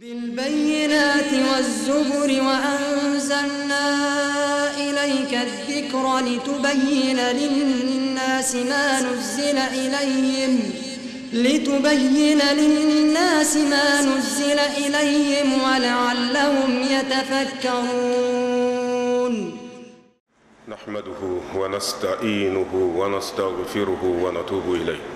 بالبينات والزبر وأنزلنا إليك الذكر لتبين للناس ما نزل إليهم لتبين للناس ما نزل إليهم ولعلهم يتفكرون نحمده ونستعينه ونستغفره ونتوب إليه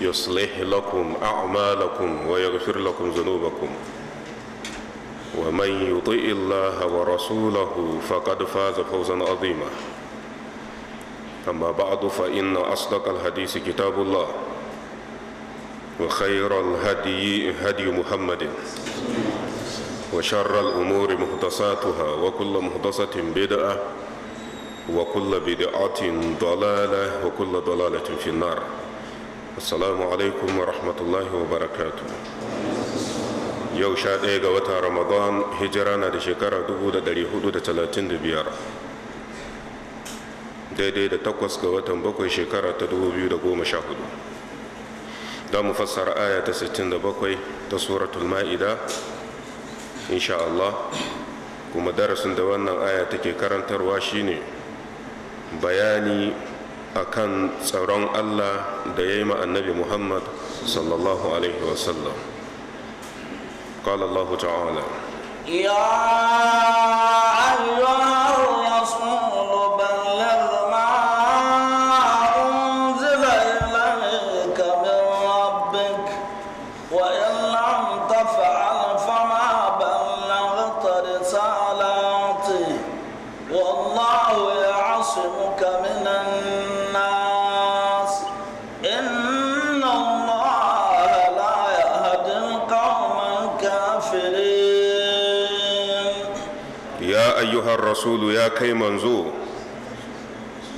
يصلح لكم أعمالكم ويغفر لكم ذنوبكم ومن يطئ الله ورسوله فقد فاز فوزا عظيما أما بعد فإن أصدق الحديث كتاب الله وخير الهدي هدي محمد وشر الأمور محدثاتها وكل محدثة بدعة وكل بدعة ضلالة وكل ضلالة في النار assalamu alaikum wa rahmatullahi wa barakatu yau sha ɗaya ga wata ramadan hijira na da shekara 435 daidai da takwas ga watan bakwai shekara ta 2014 da mu fassara aya ta 67 ta suratul ma'ida insha Allah kuma darasin da wannan aya take karantarwa shine bayani akan tsaron allah da ya yi ma annabi muhammad sallallahu alaihi wasallam قال الله تعالى يا rasulu ya kai manzo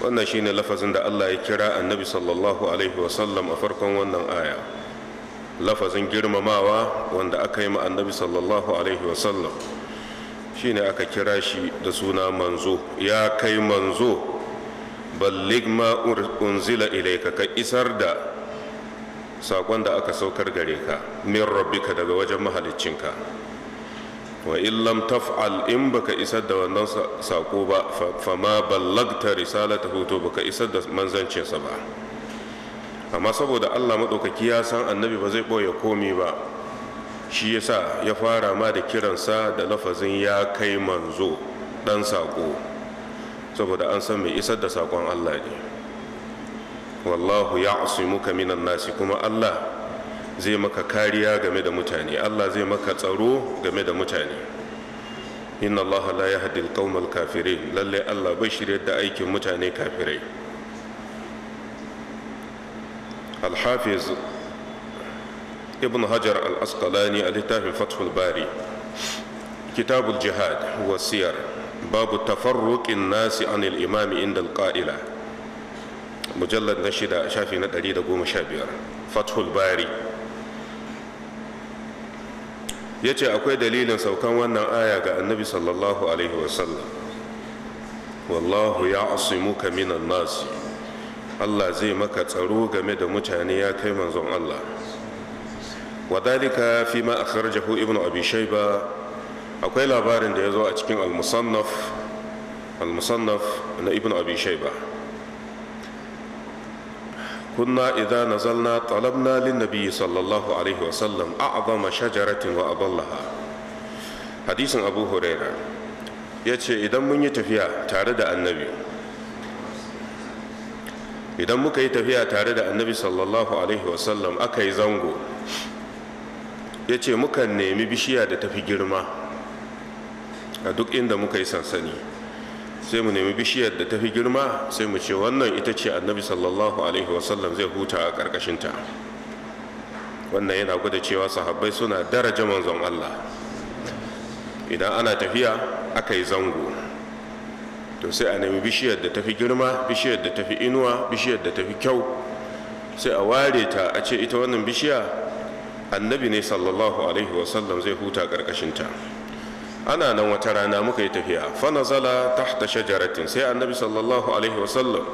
wannan shine lafazin da Allah ya kira annabi sallallahu alaihi wasallam a farkon wannan aya lafazin girmamawa wanda aka yi ma annabi sallallahu alaihi wasallam shine aka kira shi da suna manzo ya kai manzo ballig ma unzila ilaika ka isar da saƙon da aka saukar gare ka min rabbika daga wajen mahaliccinka wa illam taf'al in baka isar da wannan sako ba fama ballagta risalata hoto baka isar da manzancinsa ba amma saboda allah maɗaukaki ya san annabi ba zai ɓoye komi ba shi yasa ya fara ma da kiransa da lafazin ya kai manzo ɗan sako saboda an san mai isar da sakon allah ne wallahu ya muka minan nasi kuma allah zai maka kariya game da mutane Allah zai maka tsaro game da mutane inna Allah la yahdi al qawm al kafirin lalle Allah bai shirye da aikin mutane kafirai al-hafiz ibn hajar al-asqalani al-tahfi fath al bari kitab al jihad wasiyar babu tafarruqin nasi anil imami inda al-qa'ila مجلد na shida shafi دقوم شابير فتح الباري ya ce akwai dalilin saukan wannan aya ga annabi sallallahu alaihi wasallam wallahu ya asimuka minan nasi allah zai maka tsaro game da mutane ya kai manzon allah wadalika fi ma Jahu ibnu abi shayba akwai labarin da ya zo a cikin al-musannaf al-musannaf na ibnu abi shayba kunna إذا نزلنا talabna للنبي صلى sallallahu alaihi وسلم أعظم شجرة wa حديث hadisin abu huraira ya ce idan mun yi tafiya tare da annabi idan muka yi tafiya tare da annabi sallallahu alaihi wasallam aka yi zango ya ce mukan nemi bishiya da tafi girma a duk inda muka yi sansani sai mu nemi bishiyar da ta fi girma sai mu ce wannan ita ce annabi sallallahu alaihi wasallam zai huta a ƙarƙashinta wannan yana gwada cewa sahabbai suna daraja manzon Allah idan ana tafiya aka yi zango to sai a nemi bishiyar da ta fi girma bishiyar da ta fi inuwa bishiyar da ta fi kyau sai a ware ta a ce ita wannan bishiya annabi ne sallallahu alaihi wasallam zai huta ƙarƙashinta ana nan wata rana muka yi tafiya fanazala tahta shajaratin sai annabi sallallahu alaihi wasallam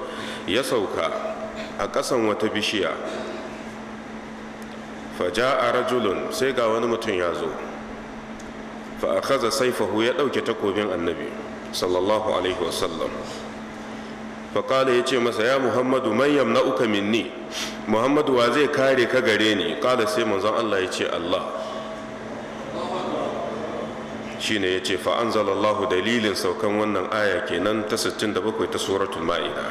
ya sauka a ƙasan wata bishiya faja a rajulun sai ga wani mutum ya zo fa a kaza ya ɗauke takobin annabi sallallahu alaihi wasallam faƙala ya ce masa ya muhammadu man yamna'uka minni muhammadu wa zai kare ka gare ni ƙala sai manzon allah ya ce allah shine ya ce fa anzalallahu dalilin saukan wannan aya kenan ta 67 ta suratul ma'ida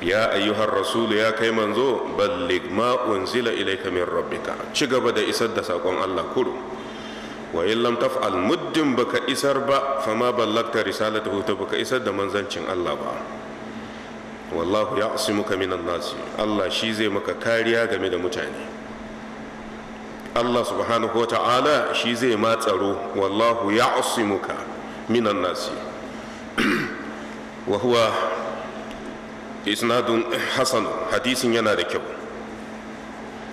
ya ayyuhar rasulu ya kai manzo ballig ma unzila ilayka min rabbika ci gaba da isar da sakon Allah kurum wa in lam taf'al muddin baka isar ba fama ballagta risalatahu ta baka isar da manzancin Allah ba wallahu ya'simuka minan nasi Allah shi zai maka kariya game da mutane Allah subhanahu wa ta'ala shi zai matsaro, wallahu ya muka minan nasi Wahuwa isnadun hasan hadisin yana da kyau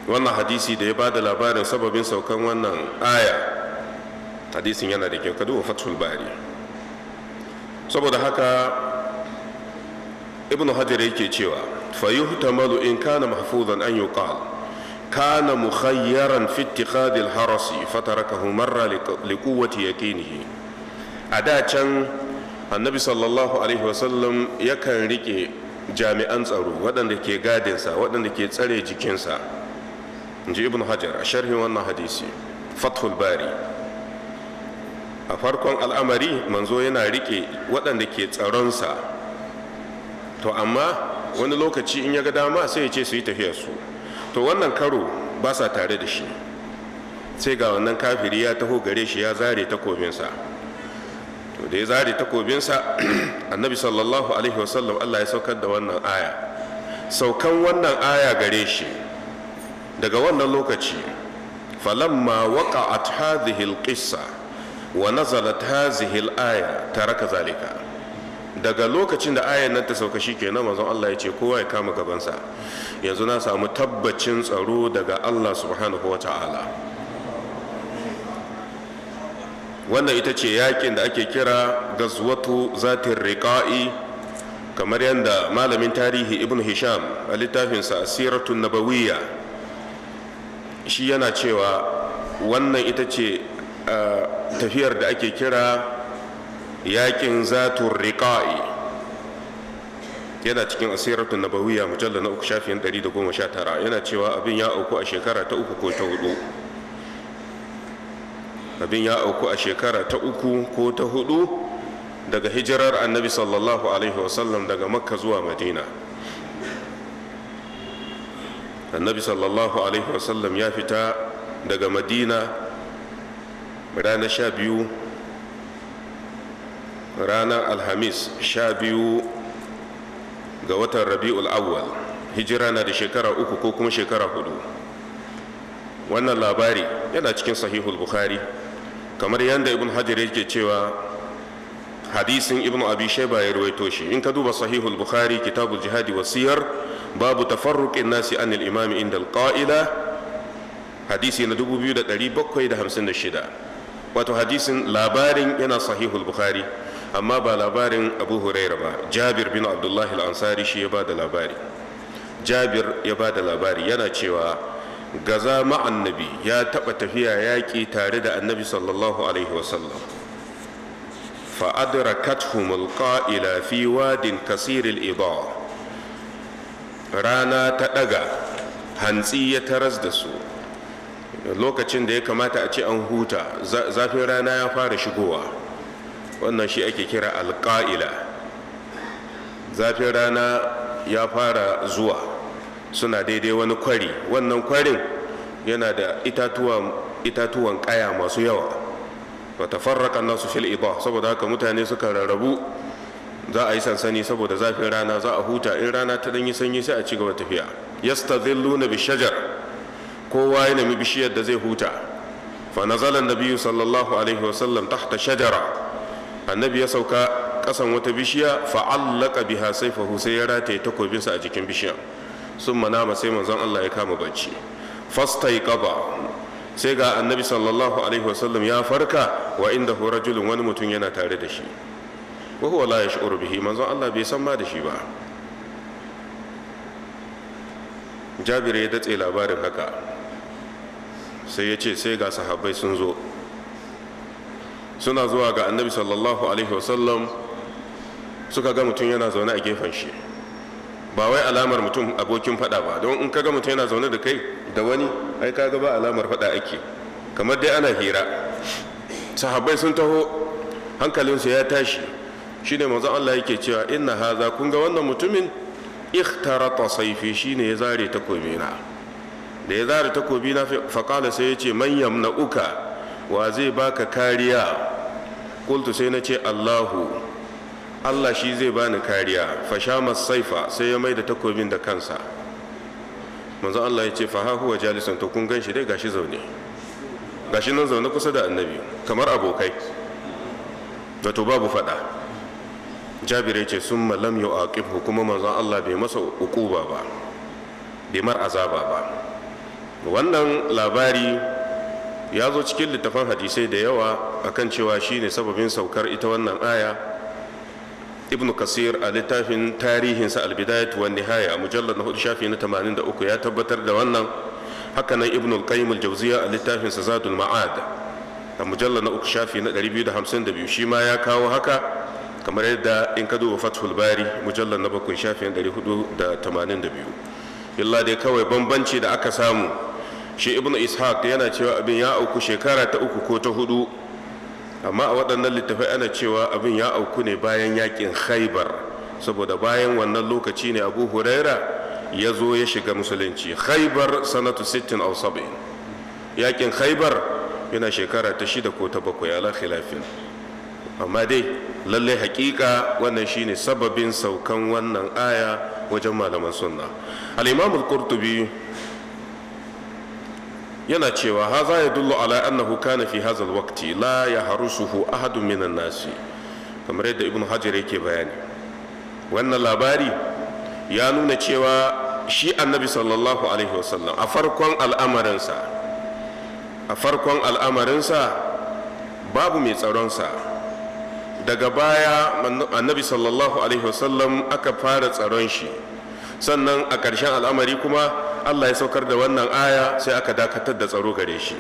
wannan hadisi da ya ba da labarin sababin saukan wannan aya hadisin yana da kyau ka duba bari saboda haka ibnu hajar yake cewa fa yuhtamalu in kana mahfuzan an yuqal kana mukhayyaran fi ittikhadil harasi fatarakahu marra liquwwati yaqinihi a da can annabi sallallahu alaihi wasallam yakan riƙe jami'an tsaro waɗanda ke gadinsa waɗanda ke tsare jikinsa in hajar a sharhin wannan hadisi fathul bari a farkon al'amari manzo yana riƙe waɗanda ke tsaronsa to amma wani lokaci in ya ga dama sai ya ce su yi su. to wannan karo ba sa tare da shi sai ga wannan kafiri ya taho gare shi ya zare takobinsa to da ya zare takobinsa annabi sallallahu alaihi wasallam allah ya saukar da wannan aya saukan wannan aya gare shi daga wannan lokaci falamma waqa'at hadhihi alqissa wa nazalat hadhihi alaya taraka zalika daga lokacin da ayan nan ta sauka shi shikenan manzon Allah ya ce kowa ya kama gabansa yanzu na samu tabbacin tsaro daga Allah subhanahu wa ta'ala wannan ita ce yakin da ake kira gazwatu zatin riƙa'i kamar yadda malamin tarihi ibn hisham a littafinsa asiratun nabawiyya shi yana cewa wannan ita ce eh, tafiyar da ake kira yakin zatun riƙa'i yana cikin asiratun nabawiya mujalla na uku shafiyan 119 yana cewa abin ya auku a shekara ta uku ko ta hudu abin ya auku a shekara ta uku ko ta hudu daga hijirar annabi sallallahu alaihi wasallam daga makka zuwa madina annabi sallallahu alaihi wasallam ya fita daga madina ranar sha biyu ranar alhamis sha biyu ga watan rabi'ul awwal hijira na da shekara uku ko kuma shekara hudu wannan labari yana cikin sahihul bukhari kamar yadda ibn hajar yake cewa hadisin ibn abi shaiba ya ruwaito shi in ka duba sahihul bukhari kitabul jihadi wasiyar babu tafarruqin nasi anil imami inda alqa'ila hadisi na 2756 wato hadisin labarin yana sahihul bukhari amma ba labarin abu huraira ba jabir bin abdullahi al-ansari shi ya ba da labari jabir ya ba da labari yana cewa gaza ma'annabi ya taɓa tafiya yaƙi tare da annabi sallallahu alaihi wasallam fa'adarakathum alqa'ila fi wadin kasiril iba rana ta ɗaga hantsi ya taras da su lokacin da ya kamata a ce an huta zafin rana ya fara shigowa wannan shi ake kira alƙa'ila zafin rana ya fara zuwa suna daidai wani kwari wannan kwarin yana da itatuwan ƙaya masu yawa wa tafarraka nasu fil iba saboda haka mutane suka rarrabu za a yi sansani saboda zafin rana za a huta in rana ta yi sanyi sai a ci gaba tafiya yastadhilluna bishajar kowa ya nemi bishiyar da zai huta fa nazala nabiyyu sallallahu alaihi wasallam tahta shajara annabi ya sauka kasan wata bishiya fa'allaka biha saifahu sai ya rataye takobinsa a jikin bishiyan sun manama sai manzon Allah ya kama bacci fastaiqaba sai ga annabi sallallahu alaihi wasallam ya farka wa inda rajulun wani mutum yana tare da shi wa huwa la bihi manzon Allah bai san ma da shi ba Jabir ya datse labarin haka sai ya ce sai ga sahabbai sun zo suna zuwa ga annabi sallallahu alaihi wasallam suka ga mutum yana zaune a gefen shi ba wai alamar mutum abokin fada ba don in kaga mutum yana zaune da kai da wani ai kaga ba alamar fada ake kamar dai ana hira sahabbai sun taho hankalinsu ya tashi shine manzon Allah yake cewa inna haza kun ga wannan mutumin ikhtarata saifi shine ya zare takobi na da ya zare takobi na faqala sai ya ce man yamna'uka wa zai baka kariya kultu sai na ce allahu allah shi zai bani kariya fasha saifa sai ya mai da takobin da kansa manzo allah ya ce fa jalisan to kun ganshi dai gashi zaune gashi nan zaune kusa da annabi kamar abokai wato babu fada jabir ya ce sun malam yau a kuma manzon allah bai masa ukuba ba bai mar azaba ba wannan labari ya zo cikin littafan hadisai da yawa akan cewa shine sababin saukar ita wannan aya ibn kasir a littafin tarihinsa albidayat wa nihaya mujallar na hudu shafi na tamanin da uku ya tabbatar da wannan hakanan ibn al-qayyim al-jawziya a littafin sa zadul ma'ad a mujallar na uku shafi na 252 shi ma ya kawo haka kamar yadda in ka duba fathul bari mujallar na bakwai shafi na 482 illa dai kawai bambanci da aka samu shi ibnu ishaq yana cewa abin ya auku shekara ta uku ko ta hudu amma a waɗannan littafai ana cewa abin ya auku ne bayan yakin khaibar saboda bayan wannan lokaci ne abu huraira ya zo ya shiga musulunci khaibar sanatu 60 aw 70 yakin khaibar yana shekara ta shida ko ta bakwai ala khilafin amma dai lalle hakika wannan shine sababin saukan wannan aya wajen malaman sunna al-imam al-qurtubi yana cewa haza ya dullo ala annahu kana fi hazal waqti la yahrusuhu ahadun minan nasi kamar yadda ibn hajar yake bayani wannan labari ya nuna cewa shi annabi sallallahu alaihi wasallam a farkon al'amarinsa a farkon al'amarinsa babu mai tsaronsa daga baya annabi sallallahu alaihi wasallam aka fara tsaron shi sannan a ƙarshen al'amari kuma allah ya saukar da wannan aya sai aka dakatar da tsaro gare shi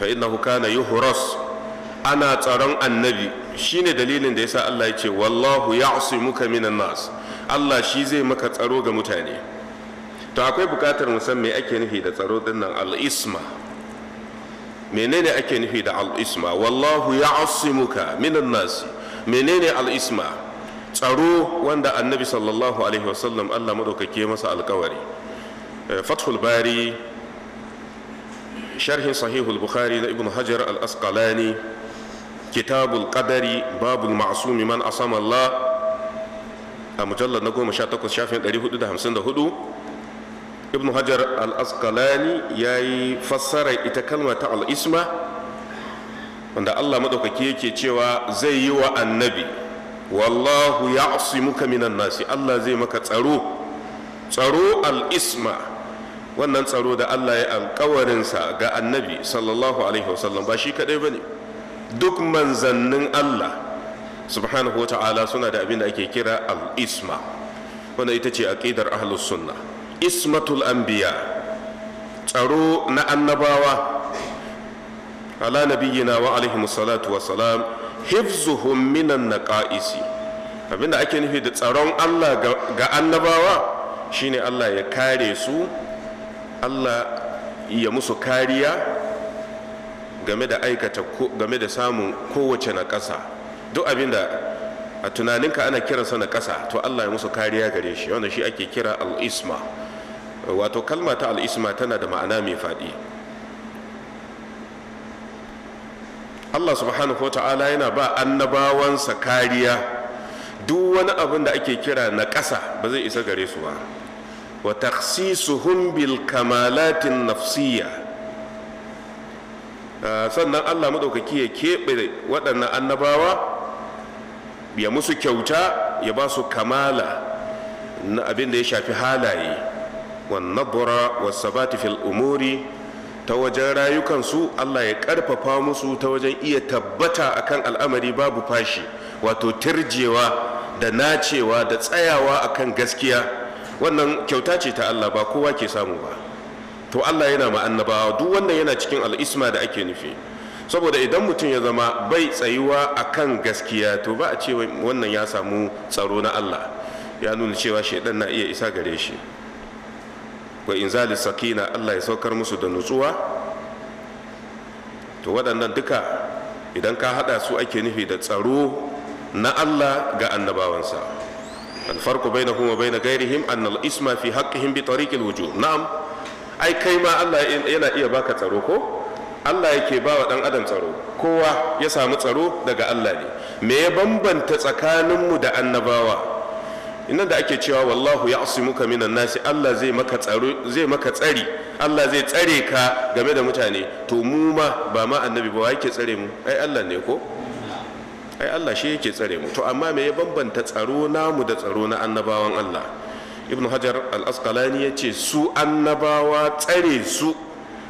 fa innahu kana yuhras ana tsaron annabi shine dalilin da yasa Allah ya ce wallahu ya'simuka minan nas Allah shi zai maka tsaro ga mutane to akwai bukatar mu san me ake nufi da tsaro din nan al-isma menene ake nufi da al-isma wallahu ya'simuka minan nas menene al-isma tsaro wanda annabi sallallahu alaihi wasallam allah madaukake masa alkawari eh, fathul bari sharhin sahihul bukhari na ibn hajar al-asqalani kitabul qadari babul ma'sumi man asama allah a mujallar na goma sha takwas shafin ɗari da hamsin da hudu ibn hajar al-asqalani ya yi fassara ita kalma ta al-isma wanda allah madaukake yake cewa zai yi wa annabi wallahu ya muka minan nasi Allah zai maka tsaro tsaro al'isma wannan tsaro da Allah ya alkawarinsa ga annabi sallallahu alaihi wasallam ba shi kadai ba ne duk manzannin Allah subhanahu ta'ala suna da abin da ake kira al'isma wanda ita ce aƙidar ahlus sunna ismatul anbiya tsaro na annabawa ala nabiyyina wa alaihi salatu wa salam hifzuhum minan naqaisi abinda ake nufi da tsaron Allah ga annabawa shine Allah ya kare su Allah ya musu kariya game da aikata game da samun kowace na ƙasa duk abinda a tunaninka ana kiransa na ƙasa to Allah ya musu kariya gare shi wanda shi ake kira al-isma wato kalma ta al-isma tana da ma'ana mai faɗi allah subhanahu wa ta'ala yana ba annabawansa kariya duk wani abin da ake kira na ƙasa ba zai isa gare su ba wa taqsisuhum bil kamalatin nafsiyya ah, sannan allah maɗaukaki ya keɓe waɗannan annabawa ya musu kyauta ya ba su kamala na abin da ya shafi halaye wannan bura wasu fil umuri ta wajen rayukansu Allah ya ƙarfafa musu ta wajen iya tabbata akan al'amari babu fashi wato tirjewa da nacewa da tsayawa akan gaskiya wannan kyauta ce ta Allah ba kowa ke samu ba to Allah yana ma'annabawa duk wannan yana cikin al'isma da ake nufi saboda idan mutum ya zama bai tsayuwa akan gaskiya to ba a ce wannan ya samu tsaro na Allah ya nuna cewa shaidan na iya isa gare shi wa inzali sakina Allah ya saukar musu da nutsuwa to waɗannan duka idan ka haɗa su ake nufi da tsaro na Allah ga annabawansa alfarku bai na kuma bai na gairihim annal isma fi haƙƙihim bi tariqil wuju na'am ai kai ma Allah yana iya baka tsaro ko Allah yake ba wa ɗan adam tsaro kowa ya samu tsaro daga Allah ne me ya bambanta tsakaninmu da annabawa innan da ake cewa wallahu ya muka minan nasi Allah zai maka tsari Allah zai tsare ka game da mutane to mu ma ba ma annabi ba yake tsare mu ai Allah ne ko ai Allah shi yake tsare mu to amma me ya bambanta tsaro namu da tsaro na annabawan Allah ibn hajar al-asqalani yace su annabawa tsare su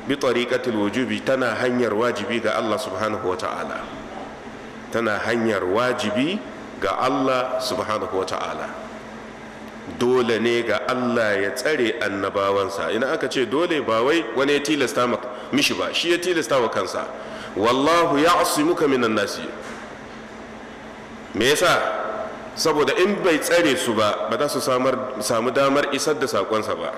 bi tariqatil wujubi tana hanyar wajibi ga Allah subhanahu wata'ala tana hanyar wajibi ga Allah subhanahu wata'ala dole ne ga Allah ya tsare annabawansa ina aka ce dole ba wai wani ya tilasta mishi ba shi ya tilasta wa kansa wallahu ya muka minan nasi me yasa saboda in bai tsare su ba ba za su samu damar isar da sakonsa ba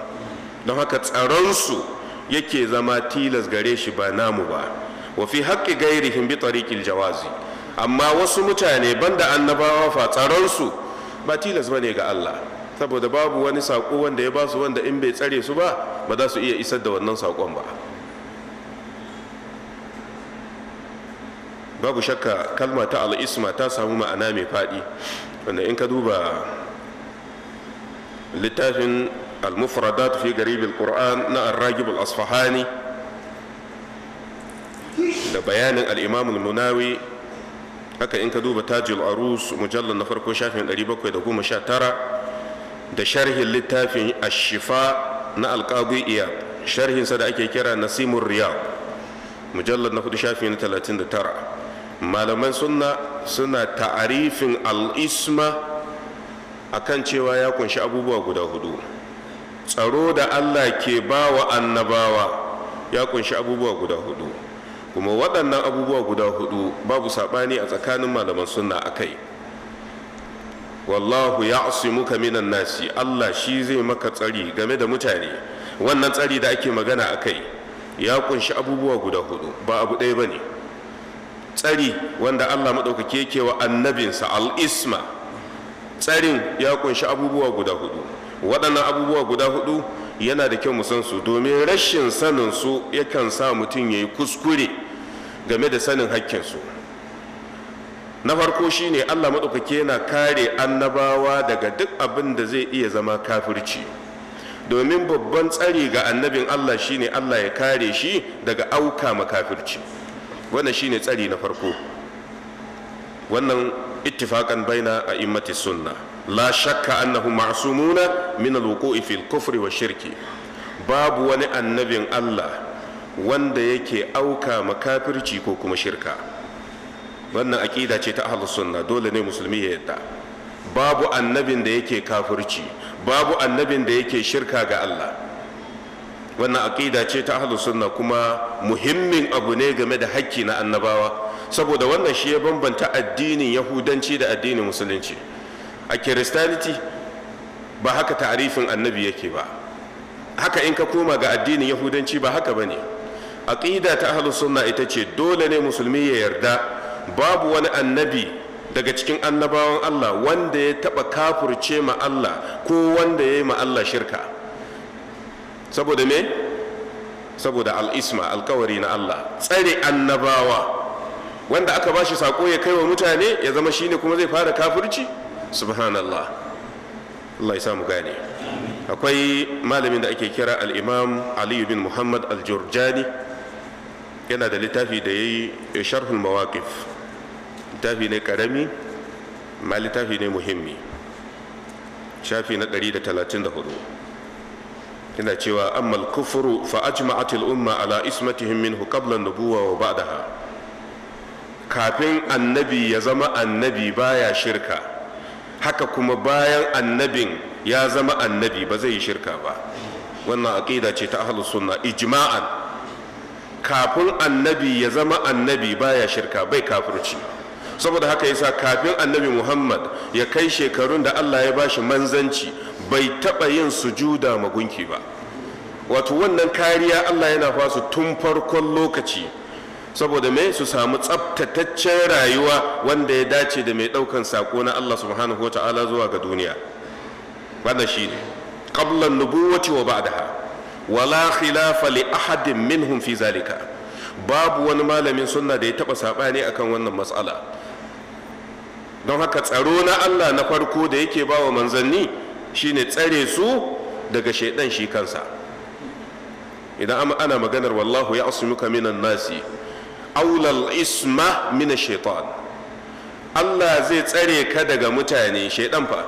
don haka tsaronsu yake zama tilas gare shi ba namu ba wa fi haƙƙi gairihim bi tariqil jawazi amma wasu mutane banda annabawa fa tsaronsu ba tilas ba ne ga Allah saboda babu wani saƙo wanda ya ba su wanda in bai tsare su ba ba za su iya isar da wannan saƙon ba babu shakka kalma ta al'isma ta samu ma'ana mai faɗi wanda in ka duba littafin al-mufradat fi garibin qur'an na ar al-asfahani da bayanin al munawi haka in ka duba tajul arus mujallar na farko shafin 719 da sharhin littafin ashifa na alƙaguiya iya sharhinsa da ake kira nasimun riyal mujallar na hudu shafi na talatin da tara malaman sunna suna ta'arifin al'isma a kan cewa ya kunshi abubuwa guda hudu tsaro da allah ke ba wa annabawa ya kunshi abubuwa guda hudu kuma waɗannan abubuwa guda hudu babu saɓani a tsakanin malaman sunna a kai wallahu ya muka minan nasi Allah shi zai maka tsari game da mutane wannan tsari da ake magana a kai ya kunshi abubuwa guda hudu ba abu ɗaya ba ne. tsari wanda Allah maɗaukaki yake wa annabinsa al'isma. tsarin ya kunshi abubuwa guda hudu waɗannan abubuwa guda hudu yana da kyau mu su domin rashin sanin su yakan sa mutum ya yi kuskure game da sanin hakkinsu su na farko shine allah maɗaukaki yana kare annabawa daga duk abin da zai iya zama kafirci domin babban tsari ga annabin allah shine allah ya kare shi daga auka makafirci wannan shine tsari na farko wannan ittifakan baina a immati sunna la shakka annahu ma'sumuna min alwuqu'i fil kufri wa shirki babu wani annabin allah wanda yake auka makafirci ko kuma shirka wannan aƙida ce ta ahlus sunna dole ne musulmi ya yadda babu annabin da yake kafurci babu annabin da yake shirka ga Allah wannan aƙida ce ta ahlus sunna kuma muhimmin abu ne game da hakki na annabawa saboda wannan shi ya bambanta addinin yahudanci da addinin musulunci a kiristaniti ba haka ta'arifin annabi yake ba haka in ka koma ga addinin yahudanci ba haka ba ne aƙida ta ahlus sunna ita ce dole ne musulmi ya yarda babu wani annabi daga cikin annabawan Allah wanda ya taɓa kafurce ma Allah ko wanda ya yi ma Allah shirka saboda me saboda al'isma alkawari na Allah tsare annabawa wanda aka ba shi sako ya kai wa mutane ya zama shine kuma zai fara kafurci subhanallah Allah ya samu gane akwai malamin da ake kira al'imam imam Ali bin Muhammad al-Jurjani yana da littafi da yayi sharhul mawaqif littafi ne karami ma littafi ne muhimmi shafi na 134 yana cewa ammal kufuru fa ajma'at umma ala ismatihim minhu qabla nubuwa wa ba'daha kafin annabi ya zama annabi baya shirka haka kuma bayan annabin ya zama annabi ba zai yi shirka ba wannan aqida ce ta ahlus sunna ijma'an kafin annabi ya zama annabi baya shirka bai kafirci saboda haka yasa kafin annabi muhammad ya kai shekarun da allah ya bashi manzanci bai taɓa yin sujuda magunki ba wato wannan kariya allah yana fasu tun farkon lokaci saboda mai su samu tsabtataccen rayuwa wanda ya dace da mai ɗaukan sako na allah subhanahu wa ta'ala zuwa ga duniya wannan shi ne ƙablan nubuwati wa ba'daha wala khilafa li ahadin minhum fi zalika babu wani malamin sunna da ya taɓa saɓani akan wannan matsala don haka tsaro na Allah na farko da yake ba wa manzanni shine tsare su daga shaidan shi kansa idan ana maganar wallahu ya muka minan nasi aulal isma mina shaitan Allah zai tsare ka daga mutane shaidan fa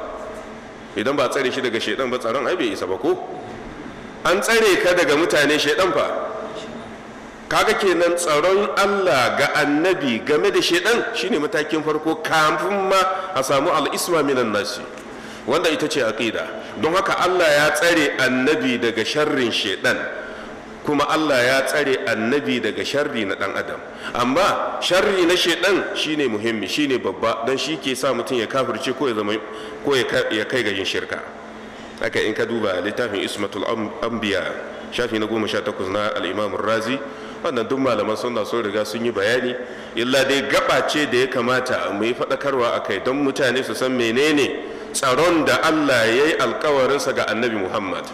idan ba tsare shi daga shaidan ba tsaron ai bai isa ba ko an tsare ka daga mutane shaidan fa kaga kenan tsaron Allah ga annabi game da shedan shine matakin farko kafin ma a samu al'isma minan nasi wanda ita ce aƙida don haka Allah ya tsare annabi daga sharrin shedan kuma Allah ya tsare annabi daga sharri na ɗan adam amma sharri na shedan shine muhimmi shine babba don shi ke sa mutum ya kafirce ko ya kai ga yin shirka haka in ka duba littafin ismatul anbiya shafi na goma sha takwas na al-imam razi wannan duk malaman suna so riga sun yi bayani illa dai gaba ce da ya kamata mu yi faɗakarwa a kai don mutane su san menene tsaron da allah ya yi alkawarinsa ga annabi muhammad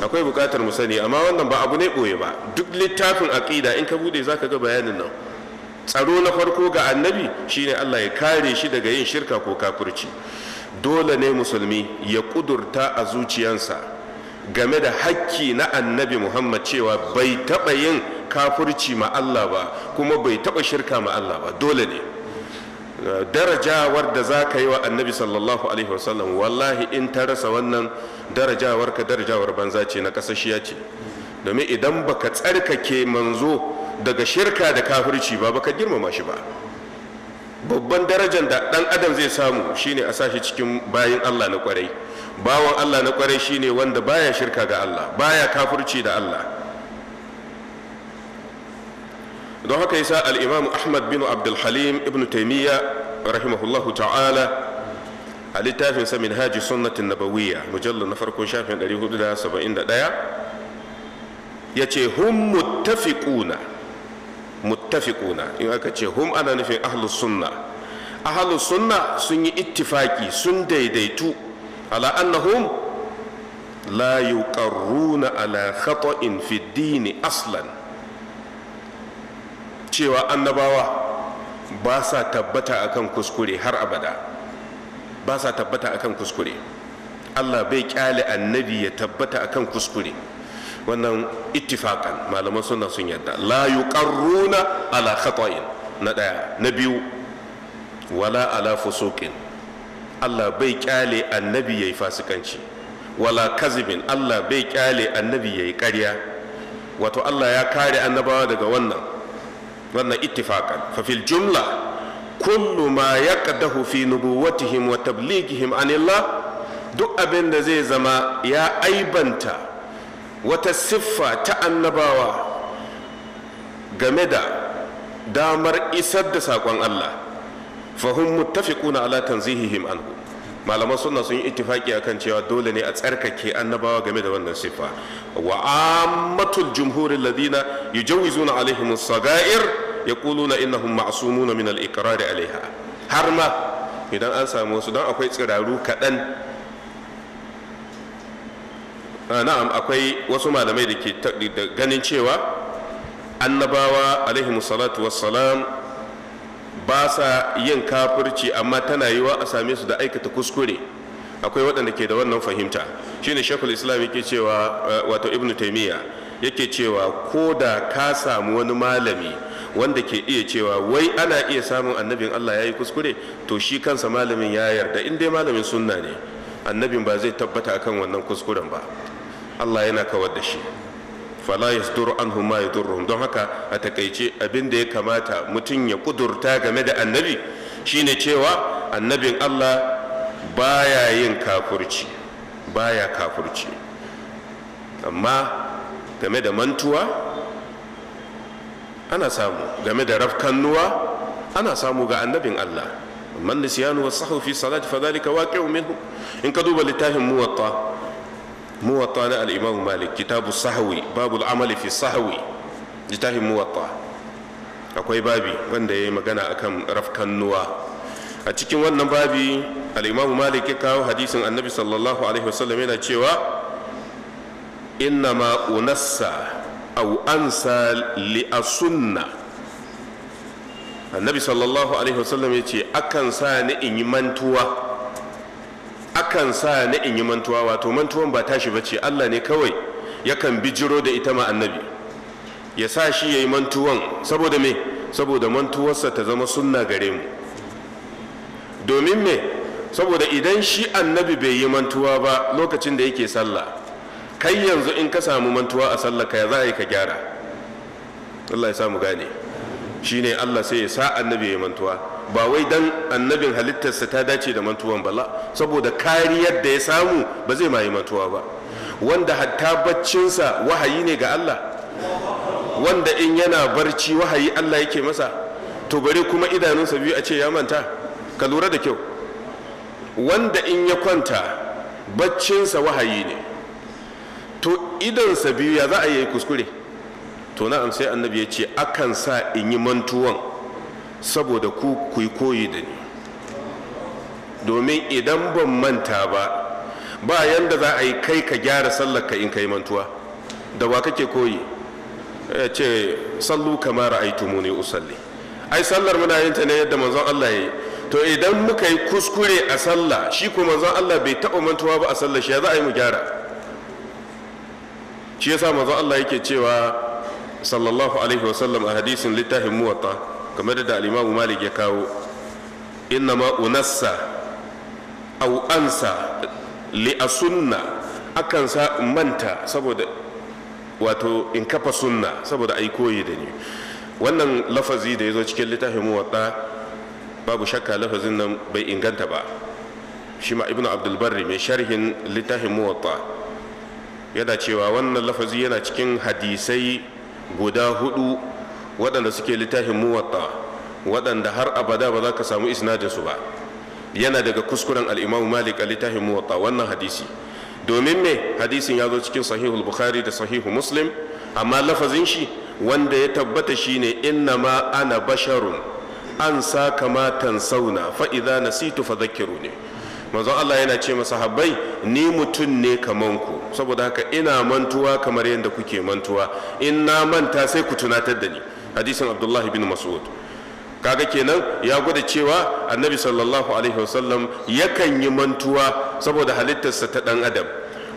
akwai buƙatar mu sani amma wannan ba abu ne ɓoye ba duk littafin aƙida in ka buɗe za ka ga bayanin nan tsaro na farko ga annabi shine allah ya kare shi daga yin shirka ko kafirci dole ne musulmi ya ƙudurta a zuciyarsa. game da hakki na annabi muhammad cewa bai taɓa yin kafurci ma Allah ba kuma bai taɓa shirka ma Allah ba dole ne darajawar da za ka yi wa annabi sallallahu alaihi wasallam wallahi in ta rasa wannan darajawar ka darajawar banza ce na kasashiya ce domin idan baka tsarkake manzo daga shirka da kafirci ba baka girmama shi ba babban darajar da dan adam zai samu shine a sashi cikin bayin Allah na kwarai bawan Allah na kwarai shine wanda baya shirka ga Allah baya kafurci da Allah don haka yasa al-Imam Ahmad bin Abdul Halim ibn Taymiyyah rahimahullahu ta'ala a littafin sa haji Sunnatin Nabawiyya mujallal na farko shafin 471 yace hum muttafiquna muttafiquna in aka ce hum ana nufin ahlus sunna ahlus sunna sun yi ittifaki sun daidaitu ala annahum la yuqarruna ala fi dini aslan cewa annabawa ba sa tabbata akan kuskure har abada ba sa tabbata akan kuskure Allah bai kyale annabi ya tabbata akan kuskure wannan ittifakan malaman suna sun yadda la yuqarruna ala khata'in na daya na biyu wala ala fusuqin Allah bai kyale annabi yayi fasikanci wala kazibin Allah bai kyale annabi yayi ƙarya wato Allah ya kare annabawa daga wannan wannan ittifaqan fa fil jumla kullu ma yaqdahu fi nubuwatihim wa tablighihim anillah duk abin da zai zama ya aibanta wata siffa ta annabawa game da damar isar da saƙon Allah fahim muttafiquna ala tanzihihim anhu malaman sunna sun yi ittifaki akan cewa dole ne a tsarkake annabawa game da wannan siffa wa ammatul jumhur alladhina yujawizuna alaihim as-sagair yaquluna innahum ma'sumuna min al-iqrar alaiha har ma idan an samu wasu dan akwai tsiraru kadan ah, na'am akwai wasu malamai da ke ganin cewa annabawa alaihim salatu wassalam ba sa yin kafirci amma tana yiwa a same su da aikata kuskure akwai waɗanda ke da wannan fahimta shine shekul islam yake cewa eh, wato ibn taimiyya yake cewa ko da ka samu wani malami wanda ke iya cewa wai ana iya samun annabin allah ya yi kuskure to shi kansa malamin ya yarda in dai malamin sunna ne annabin ba zai tabbata akan wannan kuskuren ba allah yana kawar da shi fala an huma ya yadurruhum don haka a takaice abin da ya kamata mutum ya kudurta game da annabi shine cewa annabin Allah baya yin kafurci baya kafurci amma game da mantuwa ana samu game da rafkannuwa ana samu ga annabin Allah man nisyanu was sahu fi salati fa dhalika waqi'un minhu in ka duba littafin muwatta muwatta na al malik kitabu sahwi babul amali fi sahwi littafin muwatta akwai babi wanda ya yi magana a rafkan nuwa. a cikin wannan babi al'imamu malik ya kawo hadisin annabi sallallahu alaihi wasallam yana cewa inna ma unassa aw ansa li sunna annabi sallallahu alaihi wasallam ya ce akan sa ni in yi mantuwa akan sa na in yi mantuwa wato mantuwan ba tashi ba ce allah ne kawai yakan jiro da ita ma annabi ya sa shi ya yi mantuwan saboda me saboda mantuwarsa ta zama sunna gare mu domin me saboda idan shi annabi bai yi mantuwa ba lokacin da yake sallah kai yanzu in ka samu mantuwa a sallah ka za a ka gyara allah ya samu gane shine allah sai ya sa annabi ya yi mantuwa ba wai dan annabin halittarsa ta dace da mantuwan bala saboda kariyar da ya samu ba zai mayi mantuwa ba wanda hatta baccinsa wahayi ne ga Allah wanda in yana barci wahayi Allah yake masa to bare kuma idanunsa biyu a ce ya manta ka lura da kyau wanda in ya kwanta baccinsa wahayi ne to idonsa biyu ya za a yi kuskure to na amsai annabi ya ce akan sa in yi mantuwan saboda ku ku yi koyi da ni domin idan ban manta ba ba yanda za a yi kai ka gyara sallar ka in kai mantuwa da wa kake koyi ya ce sallu kama ra'aytumuni usalli ai sallar muna yin ta ne yadda manzon Allah ya yi to idan muka yi kuskure a sallah shi ko manzon Allah bai taɓa mantuwa ba a sallah shi ya za a yi mu gyara shi yasa manzon Allah yake cewa sallallahu alaihi wasallam a hadisin littafin muwatta kamar da alimamu malik ya kawo inna ma unassa au ansa li asunna akan sa manta saboda wato in kafa sunna saboda ai koyi da ni wannan lafazi da ya zo cikin littafin muwatta babu shakka lafazin nan bai inganta ba shi ma ibnu abdulbarri mai sharhin littafin muwatta yana cewa wannan lafazi yana cikin hadisai guda hudu waɗanda suke littafin muwatta waɗanda har abada ba za ka samu isnadinsu ba yana daga kuskuren al'imamu malik a littafin muwatta wannan hadisi domin me hadisin ya zo cikin sahihu bukhari da sahihu muslim amma lafazin shi wanda ya tabbata shine inna ma ana basharun an sa kamatan sauna fa idza nasitu fa ne manzon Allah yana ce masa habbai ni mutum ne kaman ku saboda haka ina mantuwa kamar yadda kuke mantuwa in na manta sai ku tunatar da ni hadisin abdullahi bin mas'ud kaga kenan ya gwada cewa annabi sallallahu alaihi wasallam yakan yi mantuwa saboda halittarsa ta dan adam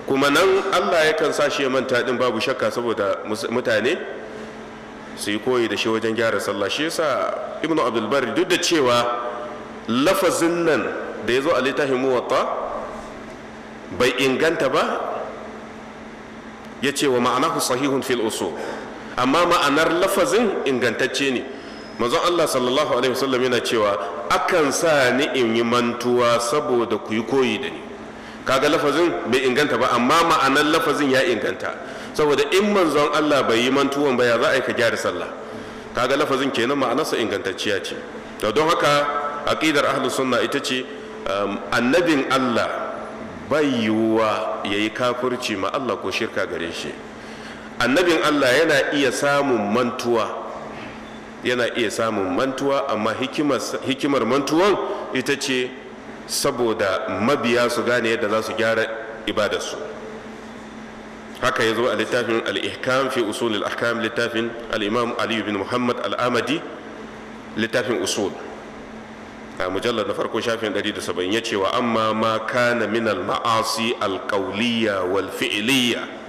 kuma nan allah yakan sa shi ya manta din babu shakka saboda mutane su yi koyi da shi wajen gyara sallah shi yasa ibnu Bari duk da cewa lafazin nan da ya zo a littafin muwatta bai inganta ba ya ce wa ma'anahu sahihun fil usul amma ma'anar lafazin ingantacce ne manzon Allah sallallahu alaihi wasallam yana cewa akan sa ni in yi mantuwa saboda ku yi koyi da ni kaga lafazin bai inganta ba amma ma'anar lafazin ya inganta saboda in manzon Allah bai yi mantuwan ba ya za a yi ka gyara sallah kaga lafazin kenan ma'anarsa ingantacciya ce to don haka aqidar ahlus sunna ita ce um, annabin Allah bai yiwuwa yayi kafirci ma Allah ko shirka gare shi annabin allah yana iya samun mantuwa yana iya samun mantuwa amma hikimar mantuwan ita ce saboda mabiya su gane yadda za su gyara ibadarsu haka ya zo a littafin al-ihkam fi usul al littafin al-imam bin muhammad al-amadi littafin usul a mujallar na farko shafin 170 ya ce wa amma ma kana min maasi al wal fi'liya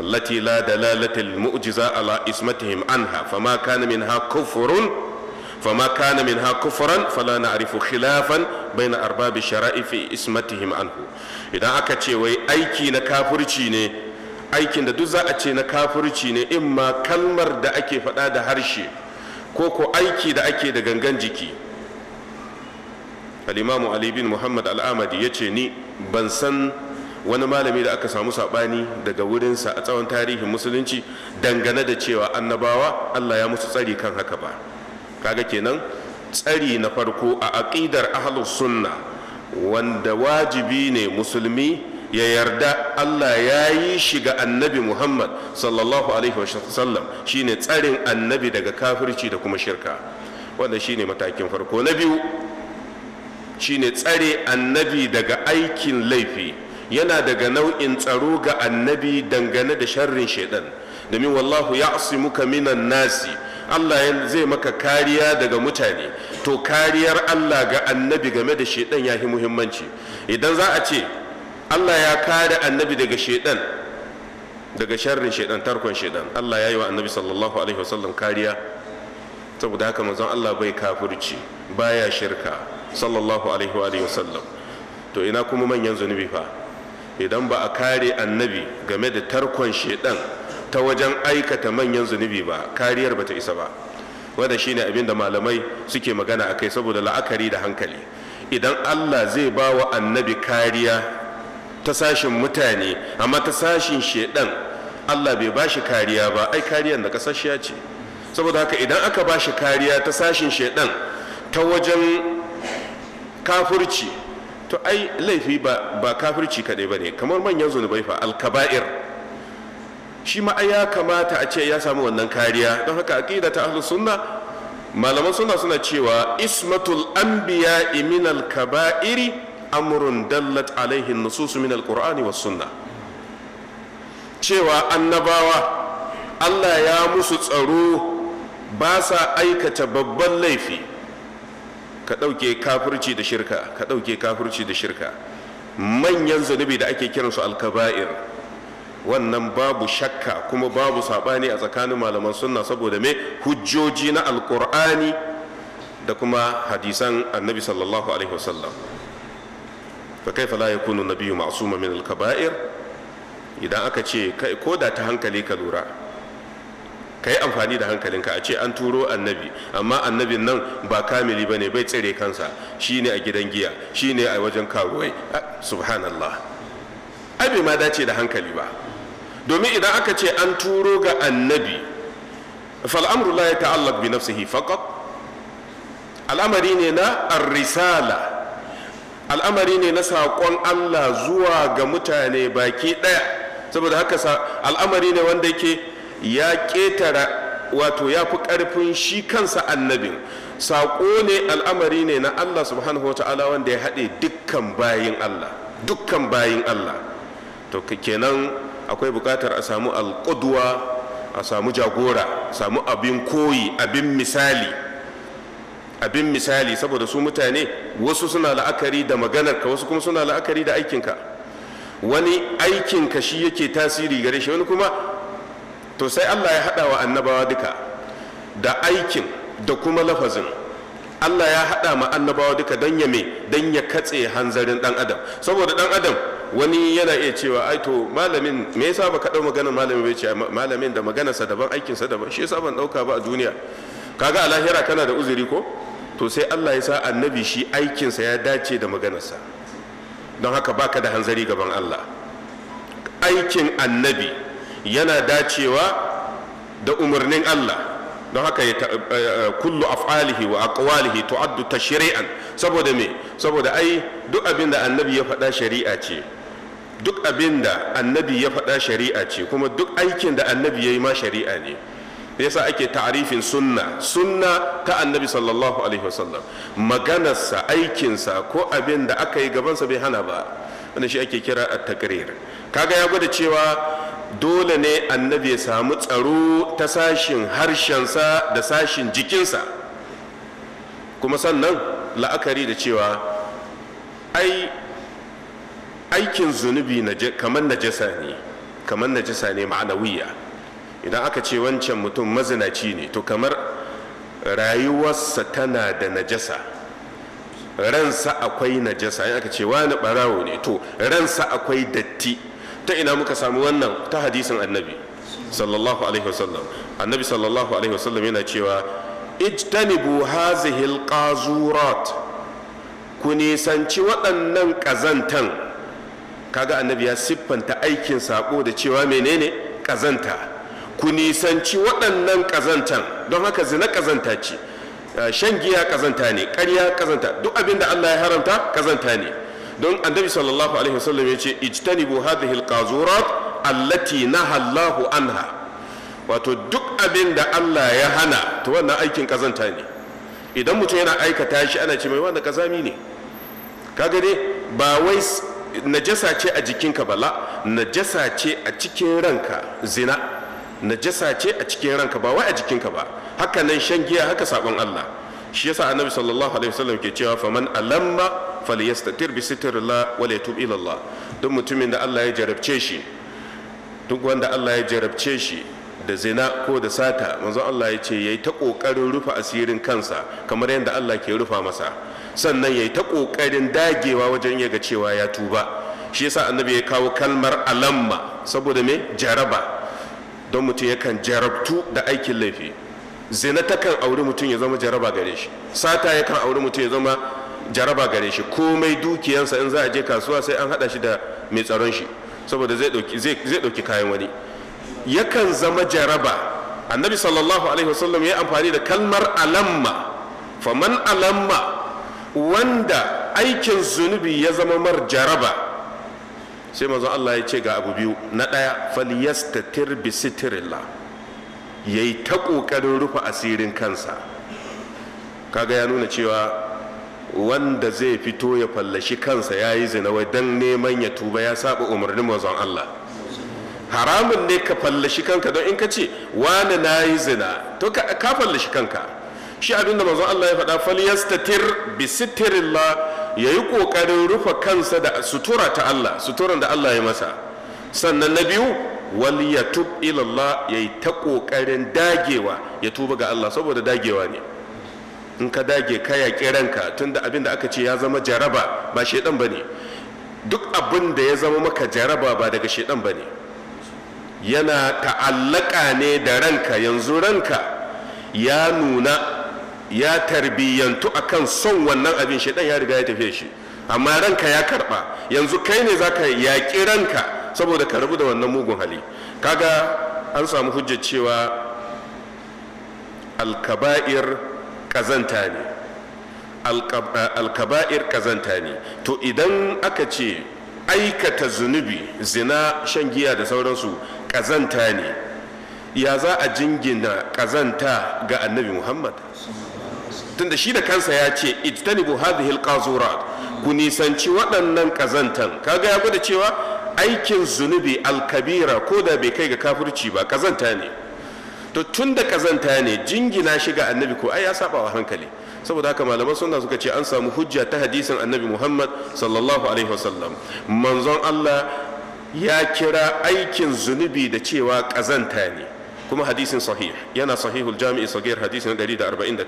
التي لا دلالة المؤجزة على اسمتهم عنها فما كان منها كفر فما كان منها كفرا فلا نعرف خلافا بين أرباب الشرائع في اسمتهم عنه إذا أكتشي وي أيكي نكافرشيني aikin da duk za a ce na kafirci ne in ma kalmar da ake faɗa da harshe ko ko aiki da ake da gangan jiki al'imamu ali bin muhammad al'amadi ya ce ni ban san wani malami da aka samu saɓani daga wurinsa a tsawon tarihin musulunci dangane da cewa annabawa allah ya musu tsari kan haka ba kaga kenan tsari na farko a aƙidar ahlus sunna wanda wajibi ne musulmi ya yarda allah ya yi shi ga annabi muhammad sallallahu alaihi wasallam shine tsarin annabi daga kafirci da kuma shirka wanda shine matakin farko na biyu shine tsare annabi daga aikin laifi yana daga nau'in tsaro ga annabi dangane da sharrin shaidan domin wallahu ya muka minan nasi Allah zai maka kariya daga mutane to kariyar Allah ga annabi game da shaidan ya fi muhimmanci idan za a ce Allah ya kare annabi daga shaidan daga sharrin shaidan tarkon shaidan Allah ya yi wa annabi sallallahu alaihi wasallam kariya saboda haka manzon Allah bai kafurci baya shirka sallallahu alaihi wa to ina kuma manyan zunubi fa idan ba a kare annabi game da tarkon shedan ta wajen aikata manyan zunubi ba kariyar bata isa ba wanda shine abin da malamai suke magana a kai saboda la'akari da hankali idan allah zai ba wa annabi kariya ta sashin mutane amma ta sashin shedan allah bai ba shi kariya ba ai kariyar da kasashiya ce saboda haka idan aka ba shi kariya ta sashin shedan ta wajen kafurci to ai laifi ba kafirci kafirci ba ne kamar manyan zunubai fa alkaba'ir shi ma ya kamata a ce ya samu wannan kariya don haka aqida ta ahlus sunna malaman sunna suna cewa ismatul anbiya min alkaba'iri amrun dallat alaihi nusus min alqur'ani was sunna cewa annabawa Allah ya musu tsaro ba sa aikata babban laifi ka ɗauke kafirci da shirka ka ɗauke kafirci da shirka manyan zunubi da ake kiransu alkaba'ir wannan babu shakka kuma babu saɓani a tsakanin malaman sunna saboda me hujjoji na alƙur'ani da kuma hadisan annabi sallallahu alaihi wasallam fa kaifa la yakunu nabiyyu ma'suma min alkaba'ir idan aka ce ko da ta hankali ka lura ka yi amfani da hankalinka a ce an turo annabi amma annabin nan ba kamili ba ne bai tsire kansa shi ne a gidan giya shi ne a wajen karuwai subhanallah ai ma dace da hankali ba domin idan aka ce an turo ga annabi fal'amru la ya ta'allak bi nafsihi faqat al'amari ne na arrisala al'amari ne na saƙon allah zuwa ga mutane baki ɗaya saboda haka al'amari ne wanda yake ya ƙetara wato ya fi ƙarfin shi kansa annabin saƙo ne al'amari ne na allah subhanahu wa ta'ala wanda ya haɗe dukkan bayin allah dukkan bayin allah to kenan akwai buƙatar a samu alƙudwa a samu jagora samu abin koyi abin misali abin misali saboda su mutane wasu suna la'akari da maganarka wasu kuma suna la'akari da aikinka wani aikinka shi yake tasiri gare shi wani kuma to sai allah ya haɗa wa annabawa duka da aikin da kuma lafazin allah ya haɗa ma annabawa duka don ya me don ya katse hanzarin ɗan adam saboda ɗan adam wani yana iya cewa ai to malamin me yasa baka ɗau magana malamin bai ce malamin da maganarsa daban aikinsa daban shi yasa ban ɗauka ba a duniya kaga a lahira kana da uzuri ko to sai allah ya sa annabi shi aikinsa ya dace da maganarsa don haka baka da hanzari gaban allah aikin annabi yana dacewa da umarnin Allah don haka ya eh, eh, kullu af'alihi wa aqwalihi tu'addu tashri'an saboda me saboda ai duk abin da annabi ya faɗa shari'a ce duk abin da annabi ya faɗa shari'a ce kuma duk aikin da annabi ya yi ma shari'a ne yasa ake ta'arifin sunna sunna ta annabi sallallahu alaihi wasallam maganarsa aikinsa ko abin da aka yi gabansa bai hana ba wanda shi ake kira at-taqrir kaga ya gwada cewa dole ne annabi ya samu tsaro ta sashin harshensa da sashin jikinsa kuma sannan la'akari da cewa ai aikin zunubi kamar najasa ne kamar najasa ne ma'anawiya idan aka ce wancan mutum mazinaci ne to kamar rayuwarsa tana da najasa ransa akwai najasa in aka ce wani barawo ne to ransa akwai datti ta ina muka samu wannan ta hadisin annabi sallallahu alaihi wasallam annabi sallallahu alaihi wasallam yana cewa ijtanibu hazihi alqazurat ku nisanci waɗannan ƙazantan kaga annabi ya siffanta aikin sako da cewa menene ƙazanta ku nisanci waɗannan ƙazantan don haka zina ƙazanta ce shan giya ƙazanta ne ƙarya ƙazanta duk abin da Allah ya haramta ƙazanta ne don annabi sallallahu alaihi wasallam ya ce ijtanibu hadhihi alqazurat allati nahallahu anha wato duk abin da Allah ya hana to wannan aikin kazanta ne idan mutum yana aikata shi ana ce mai wannan kazami ne kaga dai ba wai najasa ce a jikinka bala najasa ce a cikin ranka zina najasa ce a cikin ranka ba wai a jikinka ba haka nan shan giya haka sabon Allah shi yasa annabi sallallahu alaihi wasallam ke cewa faman alamma falyastatir bi sitrillah wa yatub ila Allah duk mutumin da Allah ya jarabce shi duk wanda Allah ya jarabce shi da zina ko da sata manzon Allah ya ce yayi ta kokarin rufe asirin kansa kamar yadda Allah ke rufa masa sannan yayi ta kokarin dagewa wajen yaga cewa ya tuba shi yasa annabi ya kawo kalmar alamma saboda me jaraba don mutum yakan jarabtu da aikin laifi zina takan aure mutum ya zama jaraba gare shi sata yakan auri mutum ya zama jaraba gare shi komai dukiyansa in za a je kasuwa sai an hada shi da mai tsaron shi saboda zai dauki kayan wani yakan zama jaraba annabi sallallahu alaihi wasallam ya amfani da kalmar alamma faman alamma wanda aikin zunubi ya zama mar jaraba sai mazan Allah ya ce ga abu biyu na ɗaya falyastatir bi sitrillah yayi ta kokarin rufe asirin kansa kaga ya nuna cewa wanda zai fito ya fallashi kansa ya yi zina wai don neman ya tuba ya saba umarnin mazan Allah haramun ne ka fallashi kanka don in ka ce wani na yi zina to ka fallashi kanka shi abinda mazan Allah ya faɗa falyastatir bi sitirillah ya yi ƙoƙarin rufe kansa da sutura ta Allah suturan da Allah ya masa sannan na biyu wal yatub ilallah ya yi ta ƙoƙarin dagewa ya tuba ga Allah saboda dagewa ne in ka dage ka yaƙi ranka tunda abin da aka ce ya zama jaraba ba shaidan ba ne duk abin da ya zama maka jaraba ba daga shaidan ba ne yana ta'allaka ne da ranka yanzu ranka ya nuna ya tarbiyyantu a kan son wannan abin shaidan ya riga ya tafiye shi amma ranka ya karba yanzu kai ne za ka yaƙi ranka saboda ka rabu da wannan mugun hali kaga an samu hujjar cewa alkaba'ir ƙazanta ne alkaba'ir ƙazanta ne to idan aka ce aikata zunubi zina shan giya da sauransu ƙazanta ne ya za a jingina ƙazanta ga annabi muhammad tunda shi da kansa ya ce ijtanibu hadhihi alqazurat ku nisanci waɗannan ƙazantan kaga ya gwada cewa aikin zunubi alkabira ko da bai kai ga kafirci ba ƙazanta ne to tun da kazanta ne jingina shi ga annabi ko ai ya saba wa hankali saboda haka malaman sunna suka ce an samu hujja ta hadisin annabi muhammad sallallahu alaihi wasallam manzon allah ya kira aikin zunubi da cewa kazanta ne kuma hadisin sahih yana sahihul jami'i sagir hadisin 149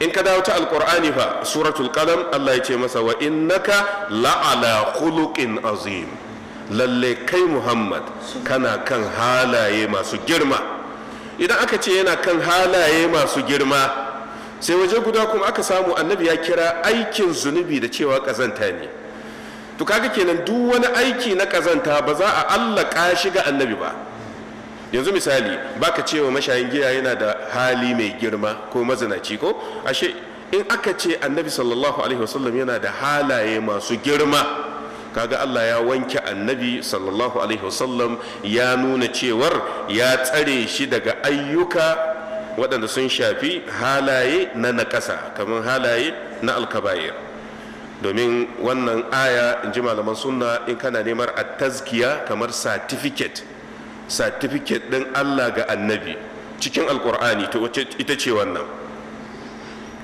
in ka dawo ta alqur'ani fa suratul qalam allah ya ce masa wa innaka la'ala khuluqin azim lalle kai muhammad kana kan halaye masu girma idan aka ce yana kan halaye masu girma sai waje guda kuma aka samu annabi ya kira aikin zunubi da cewa kazanta ne to kaga kenan duk wani aiki na kazanta ba za a allaka shi ga annabi ba yanzu misali baka cewa mashayin giya yana da hali mai girma ko mazinaci ko ashe in aka ce annabi sallallahu alaihi wasallam yana da halaye masu girma kaga Allah ya wanke annabi sallallahu alaihi wasallam ya nuna cewar ya tsare shi daga ayyuka waɗanda sun shafi halaye na naƙasa kamar halaye na alkabayir domin wannan aya in ji malaman sunna in kana neman a tazkiya kamar satifiket satifiket ɗin Allah ga annabi cikin alkur'ani ita ce wannan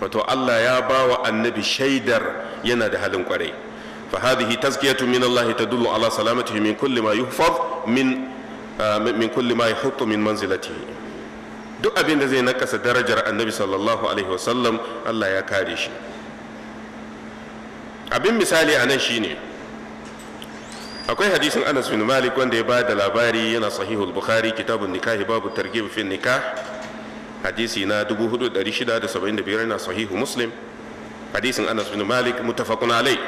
wato Allah ya ba wa annabi shaidar yana da halin kwarai فهذه تزكية من الله تدل على سلامته من كل ما يحفظ من من كل ما يحط من منزلته duk abin da zai nakasa darajar annabi sallallahu alaihi wasallam Allah ya kare shi abin misali a nan shine akwai hadisin Anas bin Malik wanda ya ba da labari yana sahihul Bukhari kitabun nikahi babu targhib fi nikah hadisi na 4675 yana sahihu Muslim hadisin Anas bin Malik muttafaqun alaihi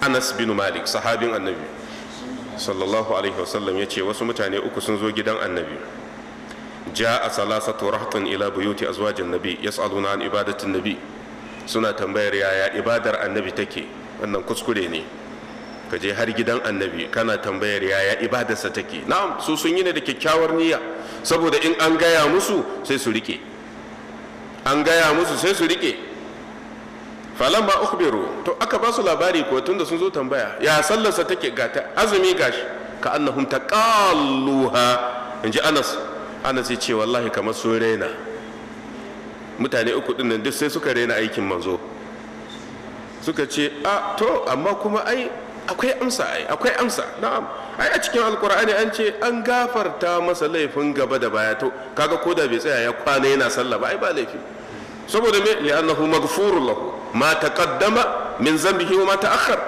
anas bin malik sahabin annabi sallallahu alaihi wasallam ya ce wasu mutane uku sun zo gidan annabi Ja ja'a salasatu rahtun ila buyuti azwajin nabi yas'aluna an ibadatin nabi suna tambayar yaya ibadar annabi take wannan kuskure ne ka je har gidan annabi kana tambayar yaya ibadarsa take na'am su sun yi ne da kyakkyawar niyya saboda in an gaya musu sai su rike an gaya musu sai su rike ba ukhbiru to aka ba su labari ko tun da sun zo tambaya ya sallarsa take gata azumi gashi ka annahum in ji Anas Anas ya ce wallahi kamar sun raina mutane uku din nan duk sai suka raina aikin manzo suka ce a to amma kuma ai akwai amsa ai akwai amsa na'am ai a cikin alkur'ani an ce an gafarta masa laifin gaba da baya to kaga koda bai tsaya ya kwana yana sallah ba ai ba laifi saboda me li'annahu maghfurun lahu ma taqaddama min zambihi wa ma ta'akhkhar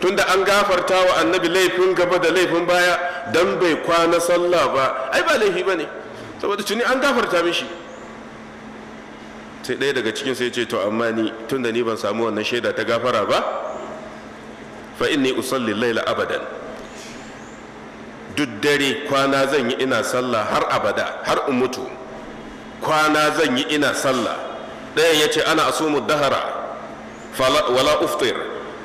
tunda an gafarta wa annabi laifin gaba da laifin baya dan bai kwana sallah ba ai ba laifi bane saboda tuni an gafarta mishi sai ɗaya daga cikin sai ce to amma ni tunda ni ban samu wannan shaida ta gafara ba fa inni usalli laila abadan duk dare kwana zan yi ina sallah har abada har in mutu kwana zan yi ina sallah ɗayan ya ce ana asumu dahara wala uftir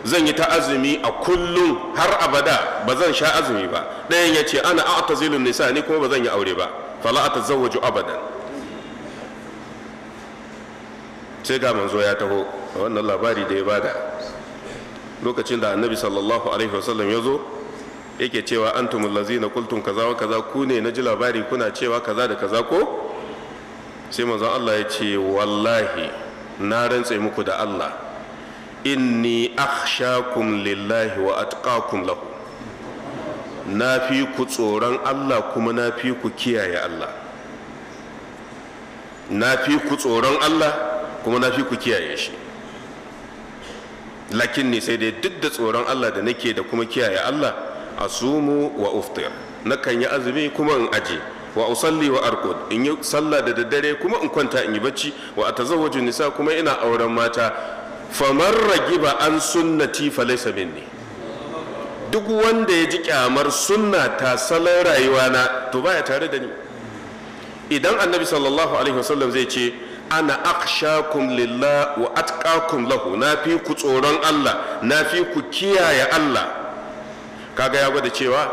zan yi ta azumi a kullum har abada ba zan sha azumi ba ɗayan ya ce ana zilin nisa ni kuma ba zan yi aure ba fala atazawwaju abadan sai ga manzo ya taho wannan labari da ya bada lokacin da annabi sallallahu alaihi wasallam ya zo yake cewa antumul lazina kultum kaza wa kaza ku ne na ji labari kuna cewa kaza da kaza ko sai manzon Allah ya ce wallahi na rantse muku da Allah inni akhshakum lillahi wa atqakum lahu na fi ku tsoron Allah kuma na fi ku kiyaye Allah na fi ku tsoron Allah kuma na fi ku kiyaye shi lakin ne sai dai duk da tsoron Allah da nake da kuma kiyaye Allah asumu wa uftir kan yi azumi kuma in aje wa usalli wa arkod in yi sallah da daddare kuma in kwanta in yi bacci wa atazawwaju nisa kuma ina auren mata famar ragiba an sunnati falaisa minni duk wanda ya ji kyamar sunna ta salon rayuwa na to baya tare da ni idan annabi sallallahu alaihi wasallam zai ce ana akshakum lillah wa atqakum lahu na fi ku tsoron Allah na fi ku kiyaye Allah kaga ya gwada cewa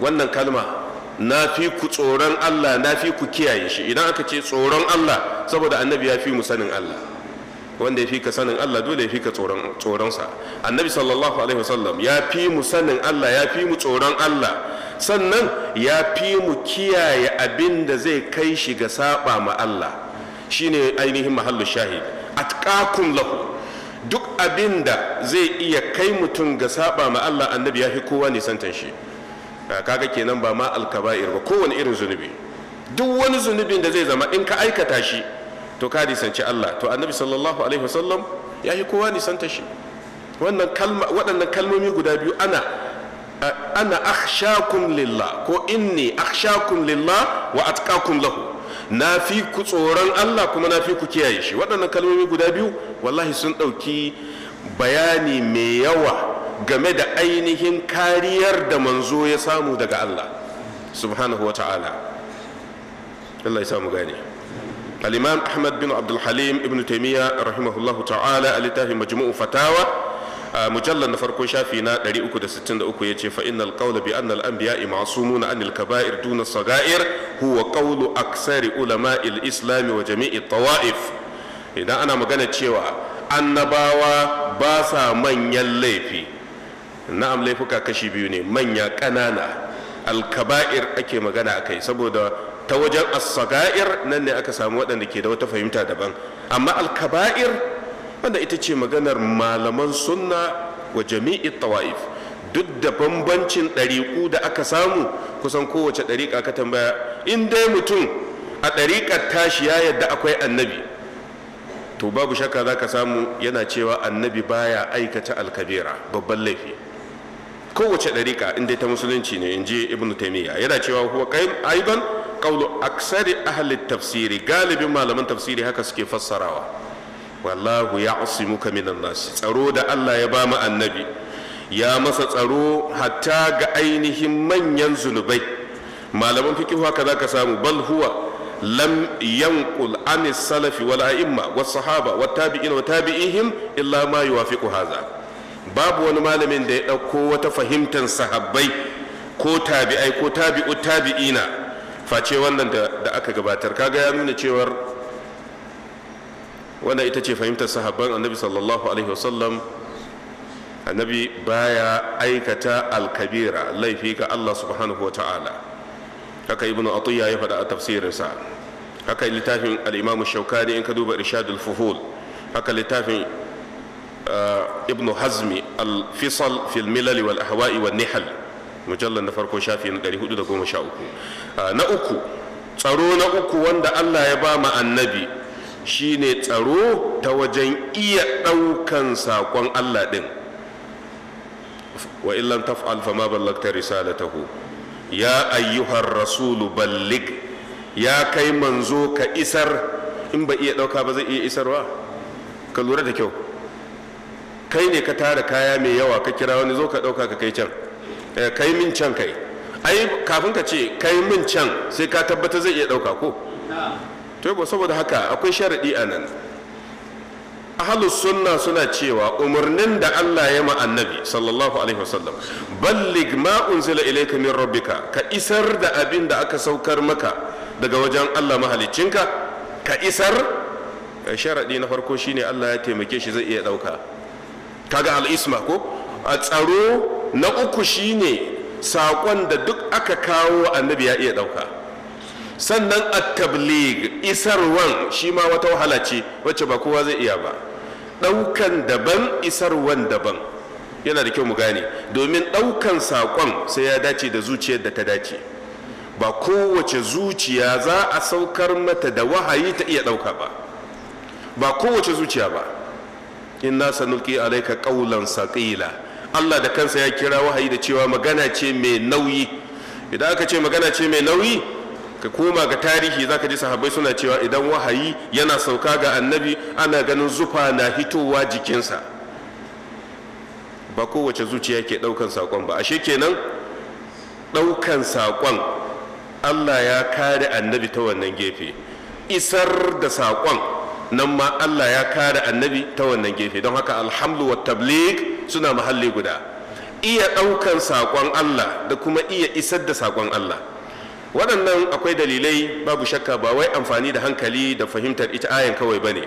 wannan kalma na fi ku tsoron Allah na fi ku kiyaye shi idan aka ce tsoron Allah saboda annabi ya fi mu sanin Allah wanda ya fi ka sanin Allah dole ya fi ka tsoronsa annabi sallallahu alaihi wasallam ya fi mu sanin Allah ya fi mu tsoron Allah sannan ya fi mu kiyaye abin da zai kai shi ga saba ma Allah shine ainihin mahallu shahid atqakum lahu duk abinda zai iya kai mutum ga saba ma Allah annabi ya fi kowa santan shi Ah, kaga kenan ba ma alkaba'ir ba kowane irin zunubi duk wani zunubin da zai zama in ka aikata shi to ka nisanci Allah to annabi sallallahu alaihi wasallam ya yi kowa nisanta shi waɗannan kalmomi guda biyu ana ah, ana akhshakum lillah ko inni akhshakum lillah wa atqakum lahu na fi ku tsoron Allah kuma na fi ku kiyaye shi waɗannan kalmomi guda biyu wallahi sun ɗauki bayani mai yawa game da ainihin kariyar da manzo ya samu daga Allah subhanahu wa ta'ala Allah ya samu gane al-imam Ahmad bin Abdul Halim ibn Taymiya rahimahullahu ta'ala a littafin majmu'u fatawa mujallar na farko shafi na 363 yace fa innal qawla bi anna al-anbiya'i ma'sumun anil kaba'ir duna sagair huwa qawlu aksari ulama'il islami wa jami'i tawa'if idan ana magana cewa annabawa ba sa manyan laifi na'am laifuka kashi biyu ne manya ƙanana alkaba'ir ake magana a kai saboda ta wajen asaga'ir sagair nan ne aka samu waɗanda ke da wata fahimta daban amma alkaba'ir wanda ita ce maganar malaman sunna wa jami'i tawa'if duk da bambancin ɗariƙu da aka samu kusan kowace ɗariƙa ka tambaya in dai mutum a ɗariƙar tashi ya yadda akwai annabi to babu shakka za ka samu yana cewa annabi baya aikata alkabira babban laifi kowace ɗariƙa in dai ta musulunci ne in ji ibn taimiyya yana cewa huwa aiban qawlu aksari ahli tafsiri galibin malaman tafsiri haka suke fassarawa wallahu ya'simuka minan nasi tsaro da Allah ya ba mu annabi ya masa tsaro hatta ga ainihin manyan zunubai malaman fikihu haka zaka samu bal huwa lam yanqul an salafi wal a'imma was sahaba wat tabi'in wa tabi'ihim illa ma yuwafiqu hadha babu wani malamin da ya ɗauko wata fahimtar sahabbai ko tabi'ai ko tabi'u tabi'ina face wannan da aka gabatar kaga ya nuna cewar wannan ita ce fahimtar sahabban annabi sallallahu alaihi wasallam annabi baya aikata alkabira laifi ga Allah subhanahu wa ta'ala. haka ibn atiyya ya faɗa a tafsirinsa haka littafin al-imam shaukani in ka duba irshadul fuhul haka littafin ibnu hazmi al-fisal fil milali wal ahwa'i wal nihal mujallar na farko shafi na 413 na uku tsaro na uku wanda Allah ya ba mu annabi shine tsaro ta wajen iya ɗaukan sakon Allah ɗin wa illam taf'al fa ma ballagta risalatahu ya ayyuhar rasulu ballig ya kai manzo ka isar in ba iya ɗauka ba zai iya isarwa ka lura da kyau kai ne ka tara kaya mai yawa ka kira wani zo ka ɗauka ka kai can eh, kai min can kai ai kafin ka ce kai min can sai ka tabbata zai iya ɗauka ko to ba saboda haka akwai sharaɗi a nan ahalus sunna suna cewa umarnin da Allah ya ma annabi sallallahu alaihi wasallam ballig ma unzila ilayka min rabbika ka isar da abin da aka saukar maka daga wajen Allah mahaliccinka ka isar eh, sharadi na farko shine Allah ya taimake shi zai iya dauka kaga al'isma ko a tsaro na uku shine saƙon da duk aka kawo annabi ya iya ɗauka sannan a tablig isarwan shi ma wata wahala ce wacce ba kowa zai iya ba ɗaukan daban isarwan daban yana da kyau mu gane domin ɗaukan sakon sai ya dace da zuciyar da ta dace ba kowace zuciya za a saukar mata da wahayi ta iya ɗauka ba ba kowace zuciya ba inna sanulqi alayka qawlan saƙila Allah da kansa ya kira wahayi da cewa magana ce mai nauyi idan aka ce magana ce mai nauyi ka koma ga tarihi za ka ji sahabai suna cewa idan wahayi yana sauka ga annabi ana ganin zufa na hitowa jikinsa ba kowace zuciya ke ɗaukan saƙon ba ashe kenan ɗaukan saƙon. Allah ya kare annabi ta wannan gefe isar da saƙon. nan ma Allah ya kare annabi ta wannan gefe don haka alhamdu wa tabligh suna mahalli guda iya ɗaukan saƙon Allah da kuma iya isar da saƙon Allah waɗannan akwai dalilai babu shakka ba wai amfani da hankali da fahimtar ita ayan kawai ba ne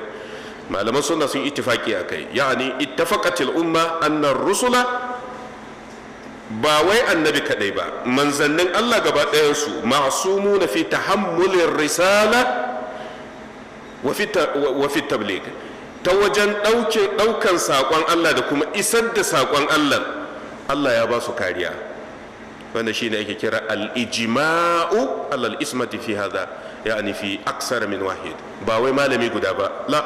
malaman suna sun ittifaki a kai yani ittafaqatil umma annar rusula ba wai annabi kadai ba manzannin Allah gaba ɗayan su ma'sumu na fi tahammulir risala wa fi tabligh ta wajen ɗaukan saƙon Allah da kuma isar da saƙon Allah Allah ya ba su kariya wanda shi ne ake kira al ijima'u alal ismati fi hada yani fi aksar min wahid ba wai malami guda ba la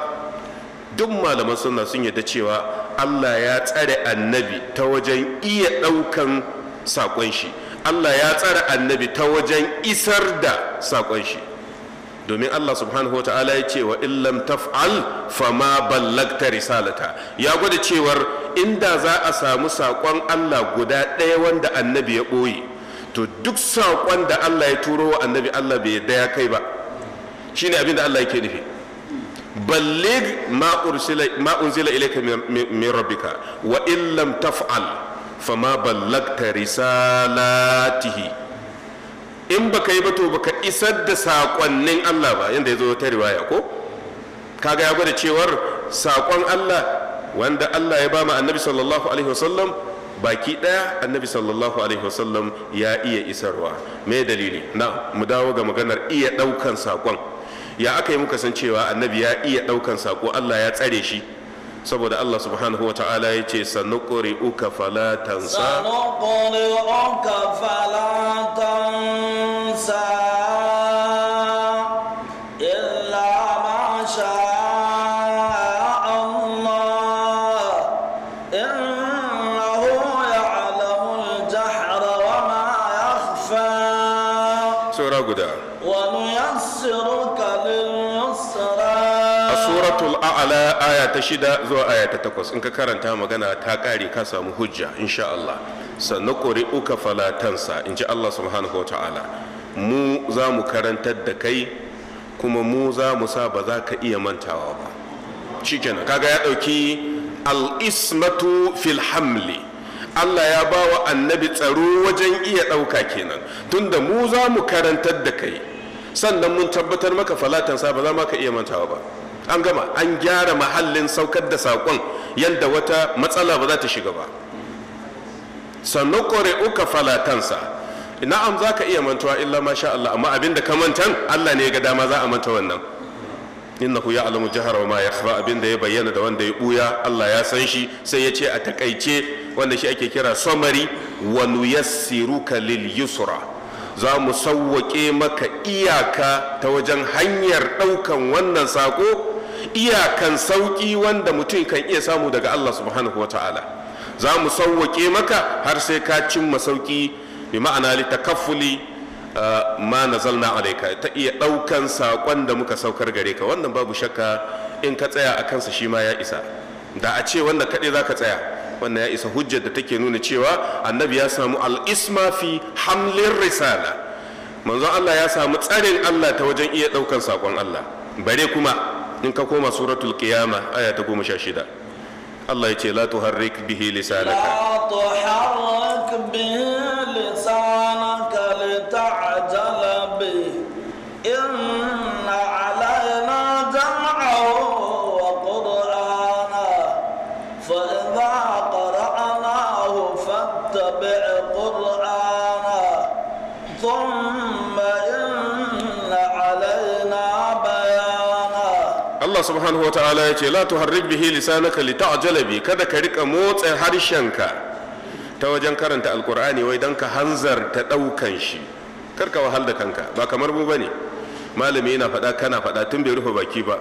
duk malaman suna sun yadda cewa Allah ya tsare annabi ta wajen iya ɗaukan saƙon shi Allah ya tsare annabi ta wajen isar da saƙon shi domin Allah subhanahu wa ta'ala ya ce wa illam taf'al fa ma ballagta risalata ya gwada cewar inda za a samu saƙon Allah guda ɗaya wanda annabi ya ɓoye to duk saƙon da Allah ya turo wa annabi Allah bai yadda kai ba shine abin da Allah yake nufi ballig ma unzila ilayka min rabbika wa illam taf'al fa ma ballagta risalatihi in baka yi ba to baka isar da saƙonnin Allah ba yadda ya zo ta riwaya ko kaga ya gwada cewar saƙon Allah wanda Allah ya ba ma annabi sallallahu alaihi wasallam baki ɗaya annabi sallallahu alaihi wasallam ya iya isarwa me dalili na mu dawo ga maganar iya ɗaukan saƙon ya aka yi muka san cewa annabi ya iya ɗaukan saƙo Allah ya tsare shi saboda Allah subhanahu wa ta'ala ya ce sanuƙuri uka falatansa sanuƙuri uka falatansa shida zuwa aya takwas in ka karanta magana ta kare ka samu hujja insha Allah sannu ƙuri uka falatansa in ji Allah subhanahu wa ta'ala mu za mu karantar da kai kuma mu za mu sa ba za ka iya mantawa ba kaga ya ɗauki al'ismatu filhamli Allah ya ba wa annabi tsaro wajen iya ɗauka kenan tunda mu za mu karantar da kai sannan mun tabbatar maka falatansa ba za ma ka iya mantawa ba an gama an gyara mahallin saukar da saƙon yadda wata matsala ba za ta shiga ba sannan kore uka falatansa na'am za ka iya mantuwa illa masha Allah amma abin da ka manta Allah ne ga dama za a manta wannan innahu ya alamu jihar wa ma ya abin da ya bayyana da wanda ya buya Allah ya san shi sai ya ce a takaice wanda shi ake kira samari wa nuyassiruka lil yusra za mu sauwaƙe maka iyaka ta wajen hanyar ɗaukan wannan saƙo iyakan sauƙi wanda mutum kan iya samu daga Allah subhanahu wa ta'ala za mu sauwaƙe maka har sai ka cimma sauƙi bi ma'ana takaffuli uh, ma nazalna alaika ta iya ɗaukan saƙon da muka saukar gare ka wannan babu shakka in ka tsaya a kansa shi ma ya isa da a ce wanda kaɗai za ka tsaya wannan ya isa hujjar da take nuna cewa annabi ya samu al'isma fi hamlin risala manzon Allah ya samu tsarin Allah ta wajen iya ɗaukan saƙon Allah bare kuma in ka koma suratul qiyama aya ta goma sha shida Allah ya ce la tuharrik bihi lisanaka la Allah subhanahu wa ta'ala ya ce la tuharrik bihi lisanaka lita'jala bi kada ka rika motsa harshenka ta wajen karanta alqur'ani wai dan ka ta daukan shi kar ka wahal da kanka ba kamar mu bane malami yana faɗa kana faɗa tun bai rufe baki ba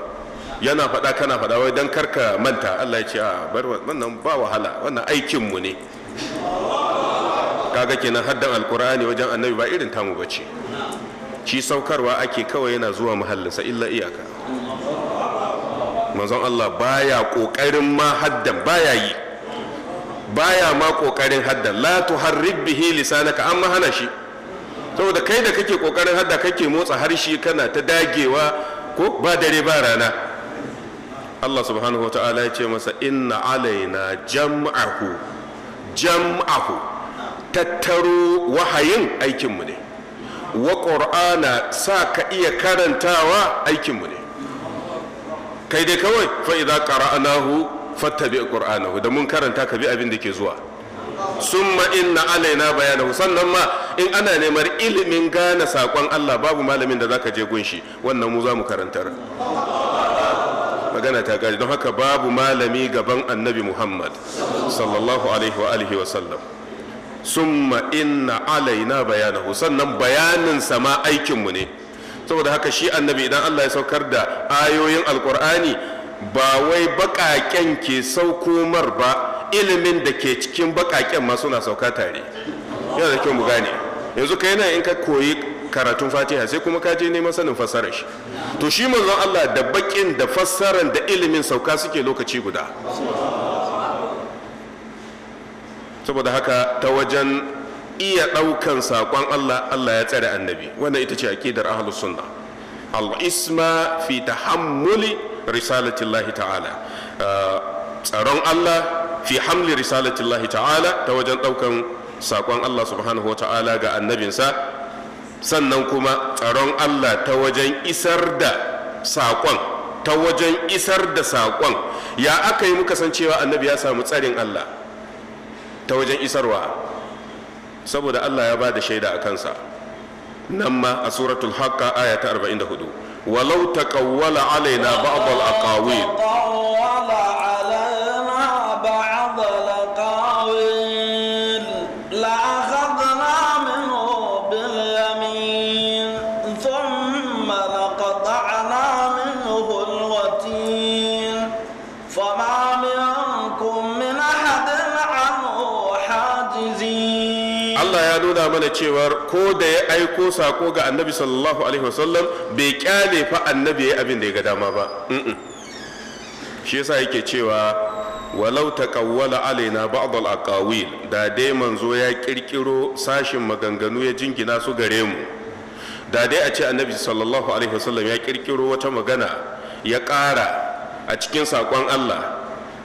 yana faɗa kana faɗa wai dan kar ka manta Allah ya ce a ah, bar wannan ba wahala wannan aikin mu ne kaga kenan haddan alqur'ani wajen annabi ba irin tamu bace shi saukarwa ake kawai yana zuwa muhallinsa illa iyaka manzon Allah baya kokarin ma haddan baya yi baya ma kokarin haddan la tuharrik bihi lisanaka amma hana shi saboda kai da kake kokarin hadda kake motsa harshe kana ta dagewa ko ba dare ba rana Allah subhanahu wa ta'ala ya ce masa inna alaina jam'ahu jam'ahu tattaro wahayin aikinmu ne wa qur'ana sa ka iya karantawa aikinmu ne kai dai kawai fa idza qara'nahu fattabi qur'anahu da mun karanta ka bi abin da ke zuwa summa inna alaina bayanahu sannan ma in ana neman ilimin gane sakon Allah babu malamin da zaka je gunshi wannan mu za mu karantar magana ta gaji don haka babu malami gaban annabi Muhammad sallallahu alaihi wa alihi wa sallam summa inna alaina bayanahu sannan bayanin sama aikinmu ne saboda haka shi annabi idan Allah ya saukar da ayoyin alkur'ani ba wai baƙaƙen ke saukomar ba ilimin da ke cikin baƙaƙen ma suna sauka tare yana da kyau mu gane yanzu kai yana in ka koyi karatun fatiha sai kuma ka je neman sanin fassarar shi to shi manzon Allah da baƙin da fassaran da ilimin sauka suke lokaci guda saboda haka ta wajen iya ɗaukan saƙon Allah Allah ya tsare annabi wannan ita ce aƙidar ahlus sunna al-isma fi tahammuli risalatillahi ta'ala uh, tsaron Allah fi hamli risalatillahi ta'ala ta wajen ɗaukan saƙon Allah subhanahu wa ta'ala ga annabinsa sannan kuma tsaron Allah ta wajen isar da saƙon ta wajen isar da saƙon ya aka yi muka san cewa annabi ya samu tsarin Allah ta wajen isarwa saboda Allah ya ba da shaida a kansa nan ma a suratul haqqa aya ta 44 walau taqawwala alaina ba'd al-aqawil mana cewa ko da ya aiko sako ga annabi sallallahu alaihi wasallam bai kyale fa annabi ya abin da ya ga dama ba shi yasa yake cewa walau taqawwala alaina ba'd al-aqawil da dai manzo ya kirkiro sashin maganganu ya jingina su gare mu da dai a ce annabi sallallahu alaihi wasallam ya kirkiro wata magana ya ƙara a cikin saƙon Allah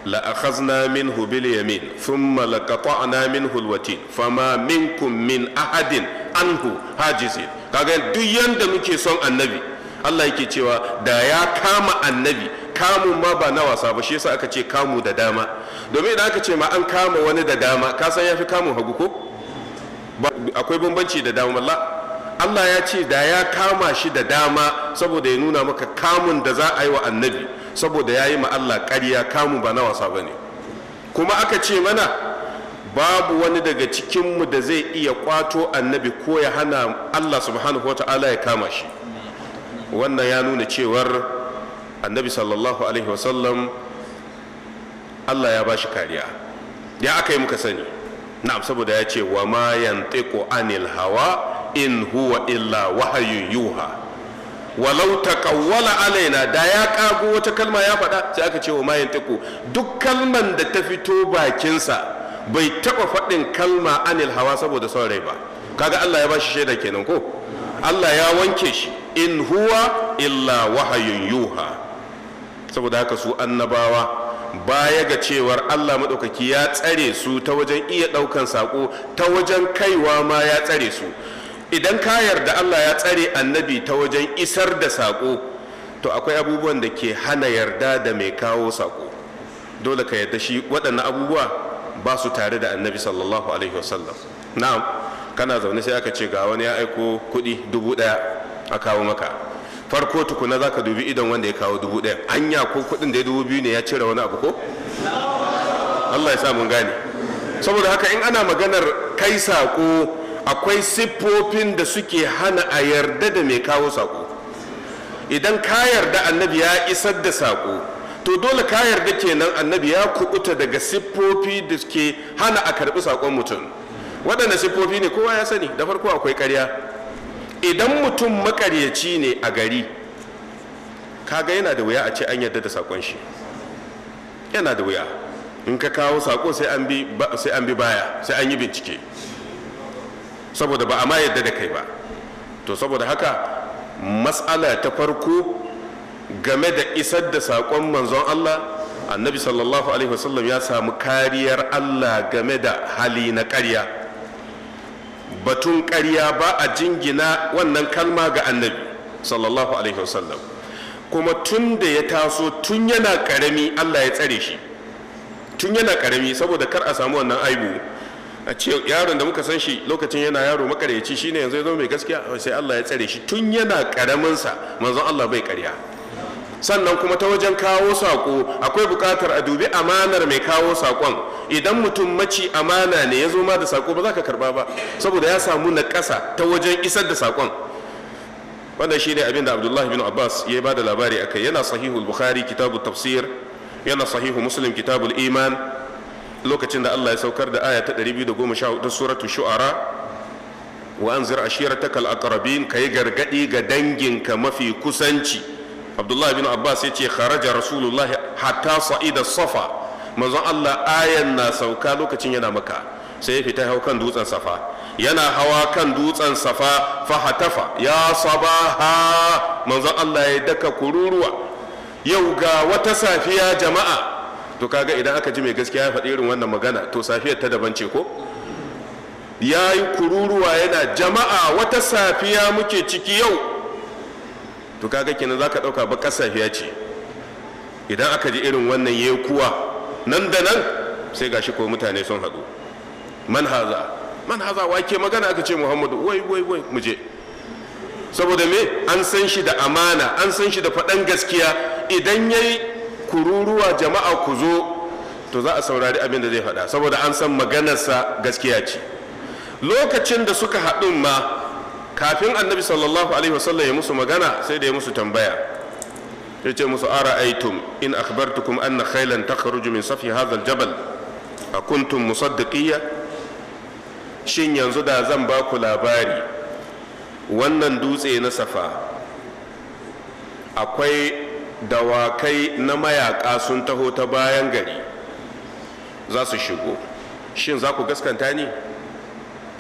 لأخذنا منه باليمين ثم لقطعنا منه الوتين فما منكم من أحد عنه حاجزين kaga duk yanda muke son annabi Allah yake cewa da ya kama annabi kamun ma ba na wasa ba shi yasa aka ce kamu da dama domin idan aka ce ma an kama wani da dama ka san yafi kamu hagu ko akwai bambanci da dama malla. Allah ya ce da ya kama shi da dama saboda ya nuna maka kamun da za a yi wa annabi saboda ya yi Allah ƙarya kamu ba na wasa ba ne kuma aka ce mana babu wani daga cikinmu da zai iya kwato annabi ko ya hana allah subhanahu wa ta'ala ya kama shi wannan ya nuna cewar annabi sallallahu alaihi wasallam allah ya ba shi kariya ya aka yi muka sani na'am saboda ya ce wa ma yantiqu anil hawa in huwa illa wahayun yuha walau taqawwala alaina da ya kago wata kalma ya faɗa sai aka ce wa mayin tiku duk kalman da ta fito bakinsa bai taɓa faɗin kalma anil hawa saboda son rai ba kaga Allah ya bashi shaida kenan ko Allah ya wanke shi in huwa illa wahayun yuha saboda haka su annabawa baya ga cewar Allah madaukaki ya tsare su ta wajen iya ɗaukan sako, ta wajen kaiwa ma ya tsare su idan ka yarda Allah ya tsare annabi ta wajen isar da saƙo to akwai abubuwan da ke hana yarda da mai kawo saƙo dole ka yarda shi waɗannan abubuwa ba su tare da annabi sallallahu alaihi wasallam na'am kana zaune sai aka ce ga wani ya aiko kuɗi dubu ɗaya a kawo maka farko tukuna za ka dubi idon wanda ya kawo dubu ɗaya anya ko kuɗin da ya dubu biyu ne ya cire wani abu ko Allah ya sa mun gane saboda haka in ana maganar kai saƙo akwai siffofin da suke hana a yarda da mai kawo sako idan ka yarda annabi ya isar da sako to dole ka yarda kenan annabi ya kubuta daga siffofi da suke hana a karbi sakon mutum waɗanda siffofi ne kowa ya sani da farko akwai karya idan mutum maƙaryaci ne a gari kaga yana da wuya a ce an yarda da sakon shi yana da wuya in ka kawo sako sai an bi baya sai an yi bincike saboda ba a ma yadda da kai ba to saboda haka matsala ta farko game da isar da saƙon manzon Allah annabi sallallahu alaihi wasallam ya samu kariyar Allah game da hali na ƙarya batun ƙarya ba a jingina wannan kalma ga annabi sallallahu alaihi wasallam kuma tun da ya taso tun yana ƙarami Allah ya tsare shi tun yana ƙarami saboda kar a samu wannan aibu a ce yaron da muka san shi lokacin yana yaro makaryaci shine yanzu ya zama mai gaskiya sai Allah ya tsare shi tun yana karamin sa manzon Allah bai karya sannan kuma ta wajen kawo saƙo akwai buƙatar a dubi amanar mai kawo saƙon idan mutum maci amana ne ya zo ma da saƙo ba za ka karɓa ba saboda ya samu na ƙasa ta wajen isar da saƙon wannan shine abin da abdullahi bin abbas ya ba da labari akai yana sahihul bukhari kitabul tafsir yana sahihu muslim kitabul iman lokacin da Allah ya saukar da aya ta 214 suratul shu'ara wa anzir ashirataka al-aqrabin kai gargadi ga danginka mafi kusanci Abdullah bin Abbas ya ce kharaja Rasulullah hatta sa'ida safa manzon Allah ayan na sauka lokacin yana maka sai ya fita hau kan dutsen safa yana hawa kan dutsen safa fa hatafa ya sabaha manzon Allah ya daka kururuwa yau ga wata safiya jama'a to kaga idan aka ji mai gaskiya ya faɗi irin wannan magana to safiyar ta daban ce ko ya yi kururuwa yana jama'a wata safiya muke ciki yau to kaga kenan za ka ɗauka baƙar safiya ce idan aka ji irin wannan ya kuwa nan da nan sai gashi ko mutane sun haɗu man haza man haza wake magana aka ce muhammadu wai wai wai mu je saboda me an san shi da amana an san shi da faɗan gaskiya idan ya yi kururuwa jama'a ku zo to za a saurari abin da zai faɗa saboda an san maganarsa gaskiya ce lokacin da suka haɗu ma kafin annabi sallallahu alaihi wasallam ya musu magana sai da ya musu tambaya ya ce musu ara aitum in akhbartukum anna khailan takhruju min safi hadha aljabal akuntum musaddiqiyya shin yanzu da zan ba ku labari wannan dutse na safa akwai dawakai na mayaka sun taho ta bayan gari za su shigo shin za ku gaskanta ni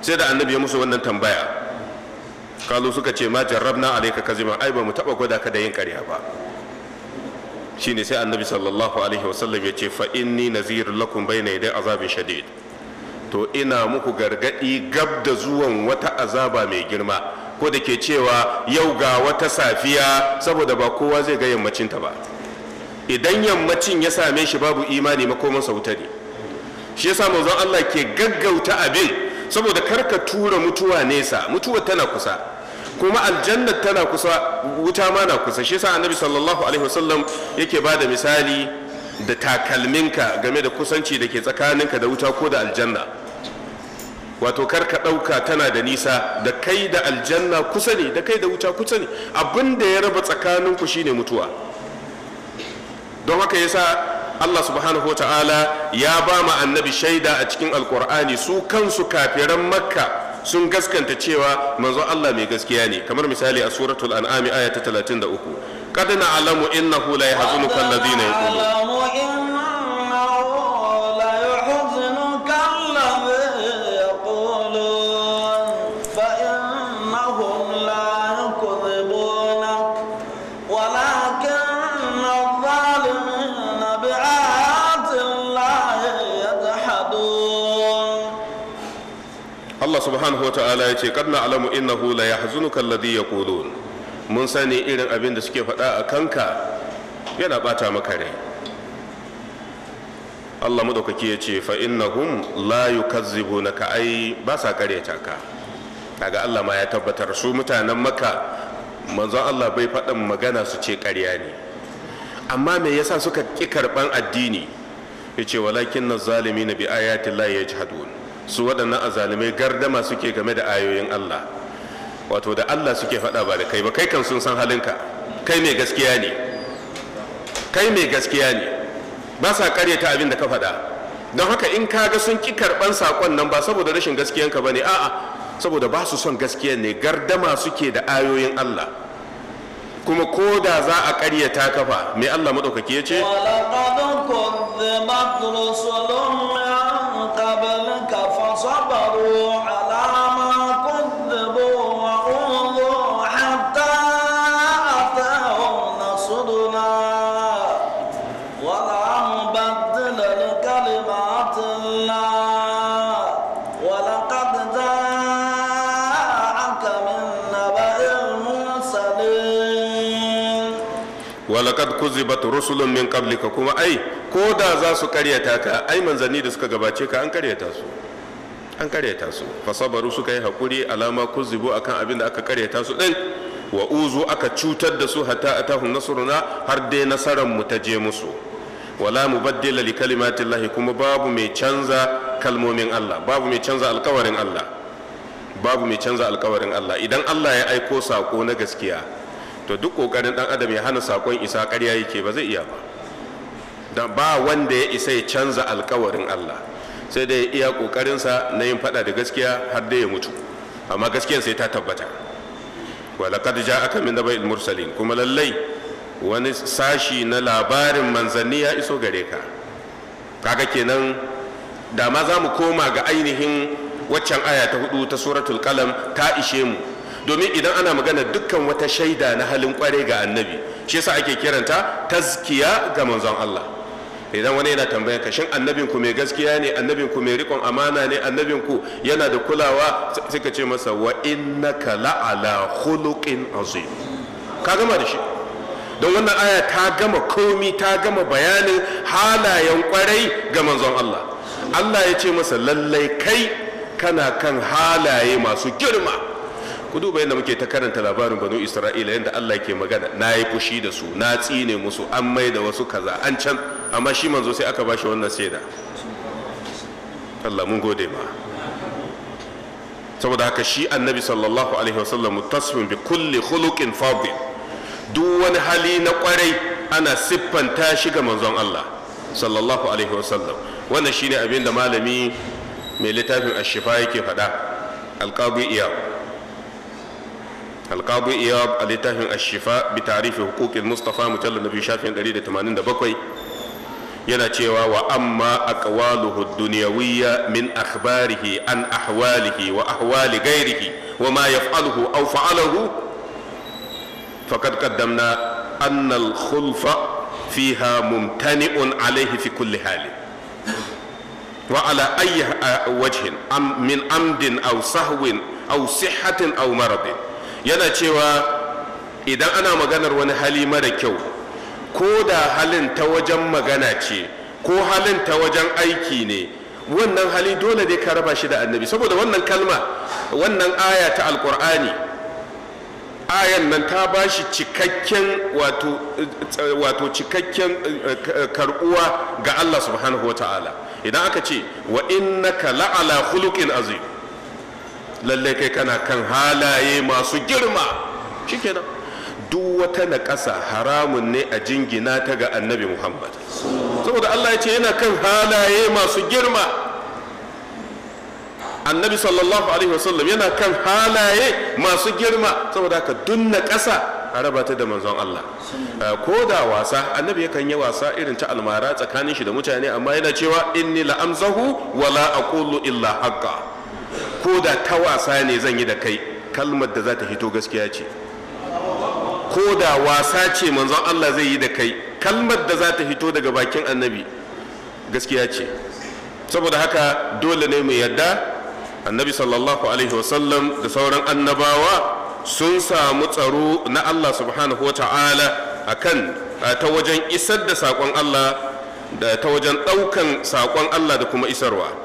sai da annabi ya musu wannan tambaya kalu suka ce ma jarrabna alaika kazima ai ba mu taba gwada ka da yin ƙarya ba shine sai annabi sallallahu alaihi wasallam ya ce fa inni nazir lakum bayna yaday azabin shadid to ina muku gargadi gab da zuwan wata azaba mai girma ko da ke cewa yau ga wata safiya saboda ba kowa zai ga yammacinta ba idan yammacin ya same shi babu imani makoman sauta ne shi yasa manzon Allah ke gaggauta abin saboda karka tura mutuwa nesa mutuwa tana kusa kuma aljanna tana kusa wuta ma na kusa shi yasa annabi sallallahu alaihi wasallam yake bada misali da takalminka game da kusanci da ke tsakaninka da wuta ko da aljanna wato kar ka ɗauka tana da nisa da kai da aljanna kusa ne da kai da wuta kusa ne abin da ya raba tsakaninku shine mutuwa don haka yasa Allah subhanahu wa ta'ala ya ba ma annabi shaida a cikin alkur'ani su kansu kafiran makka sun gaskanta cewa manzo Allah mai gaskiya ne kamar misali a suratul an'ami aya ta 33 kadana alamu innahu la yahzunuka alladhina yaqulun Allah subhanahu ta'ala ya ce kadna alamu innahu la yahzunuka alladhi yaqulun mun sani irin abin da suke faɗa a kanka yana bata maka rai Allah madaukaki ya ce fa innahum la yukazzibunaka ai ba sa kareta ka kaga Allah ma ya tabbatar su mutanen maka manzon Allah bai faɗin magana su ce ƙarya ne amma me yasa suka ƙi karɓan addini ya ce walakin na zalimi na bi ayati la ya jihadun su waɗannan azalimai gardama suke game da ayoyin Allah wato da Allah suke faɗa ba da kai ba kai kan sun san halinka kai mai gaskiya ne kai mai gaskiya ne ba sa karyata abin da ka faɗa don haka in ka ga sun ki karɓan saƙon nan ba saboda rashin gaskiyanka ba ne a'a saboda ba su son gaskiya ne gardama suke da ayoyin Allah kuma ko da za a ƙaryata kafa mai Allah maɗaukaki ya ce على ما كذبوا حتى أتاهم نصرنا ولا مبدل لكلمات الله ولقد جاءك من المرسلين ولقد كذبت رسل من قبلك كما أي ko da za su karyata ka ai manzanni da suka an karyata su fasabaru suka yi hakuri alama kuzibu akan abin da aka karyata su din wa uzu aka cutar da su hatta atahun nasruna har dai nasaran mu ta je musu wala mubaddila li kalimatillahi kuma babu mai canza kalmomin Allah babu mai canza alkawarin Allah babu mai canza alkawarin Allah idan Allah ya aiko sako na gaskiya to duk kokarin dan adam ya hana sakon isa ƙarya yake ba zai iya ba da ba wanda ya isa ya canza alkawarin Allah sai dai iya kokarinsa na yin fada da gaskiya har dai ya mutu amma gaskiyar sai ta tabbata walaqad ja'aka min bai mursalin kuma lallai wani sashi na labarin manzanni ya iso gare ka kaga kenan da ma za mu koma ga ainihin waccan aya ta hudu ta suratul qalam ta ishe mu domin idan ana magana dukkan wata shaida na halin kwarai ga annabi shi yasa ake kiranta tazkiya ga manzon Allah idan wani yana tambayan ka shin annabin ku mai gaskiya ne annabin ku mai rikon amana ne annabin ku yana da kulawa sai ka ce masa wa innaka la'ala khuluqin azim ka gama da shi don wannan aya ta gama komi ta gama bayanin halayen kwarai ga manzon Allah Allah ya ce masa lallai kai kana kan halaye masu girma ku duba yadda muke ta karanta labarin banu isra'ila yadda allah ke magana na yi fushi da su na tsine musu an mai da wasu kaza an can amma shi manzo sai aka bashi wannan shaida allah mun gode ma saboda haka shi annabi sallallahu alaihi wasallam mutasfin bi kulli khuluqin fadil duk wani hali na kwarai ana siffanta shi ga manzon allah sallallahu alaihi wasallam wannan shine abin da malami mai littafin ashifa yake faɗa alƙabu iya القاضي إياب الاتهم الشفاء بتعريف حقوق المصطفى مجلد النبي شافعي دليل 80 بكوي يلا تشيوا وأما أقواله الدنيوية من أخباره عن أحواله وأحوال غيره وما يفعله أو فعله فقد قدمنا أن الخلف فيها ممتنئ عليه في كل حال وعلى أي وجه من امد أو سهو أو صحة أو مرض yana cewa idan ana maganar wani hali mara kyau ko da halin ta wajen magana ce ko halin ta wajen aiki ne wannan hali dole dai ka raba shi da annabi saboda wannan kalma wannan aya ta alkur'ani ayan nan ta ba shi cikakken wato cikakken eh, karbuwa ga allah subhanahu wa ta'ala idan aka ce wa innaka la'ala khuluqin azim lalle kai kana kan halaye masu girma shikenan duk wata na ƙasa haramun ne a jingina ta ga annabi muhammad saboda allah ya ce yana kan halaye masu girma annabi sallallahu alaihi wasallam yana kan halaye masu girma saboda ka dunna ƙasa a raba da manzon Allah ko da wasa annabi yakan yi wasa irin ta almara tsakanin shi da mutane amma yana cewa inni la'amzahu wala aqulu illa haqqa ko da ta wasa ne zan yi da kai kalmar da za ta hito gaskiya ce ko da wasa ce manzon Allah zai yi da kai kalmar da za ta fito daga bakin annabi gaskiya ce saboda haka dole ne mu yadda annabi sallallahu alaihi wasallam da sauran annabawa sun samu tsaro na Allah subhanahu wata'ala a kan ta wajen isar da saƙon Allah da ta wajen ɗaukan saƙon Allah da kuma isarwa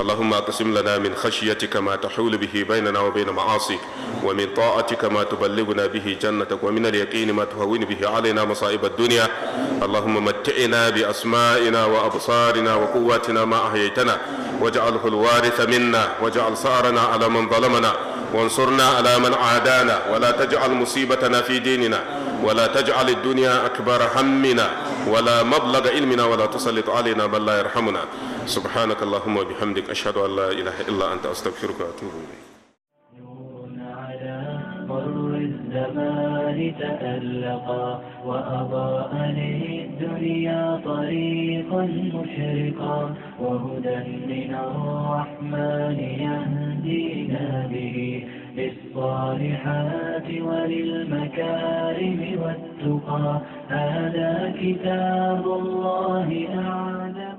اللهم اقسم لنا من خشيتك ما تحول به بيننا وبين معاصيك ومن طاعتك ما تبلغنا به جنتك ومن اليقين ما تهون به علينا مصائب الدنيا اللهم متعنا بأسمائنا وأبصارنا وقواتنا ما أحييتنا واجعله الوارث منا واجعل ثأرنا على من ظلمنا وانصرنا على من عادانا ولا تجعل مصيبتنا في ديننا ولا تجعل الدنيا أكبر همنا ولا مبلغ علمنا ولا تسلط علينا من لا يرحمنا سبحانك اللهم وبحمدك أشهد أن لا إله إلا أنت أستغفرك وأتوب إليك الله تألقا وأضاء للدنيا طريقا مشرقا وهدى من الرحمن يهدينا به للصالحات وللمكارم والتقى هذا كتاب الله أعلم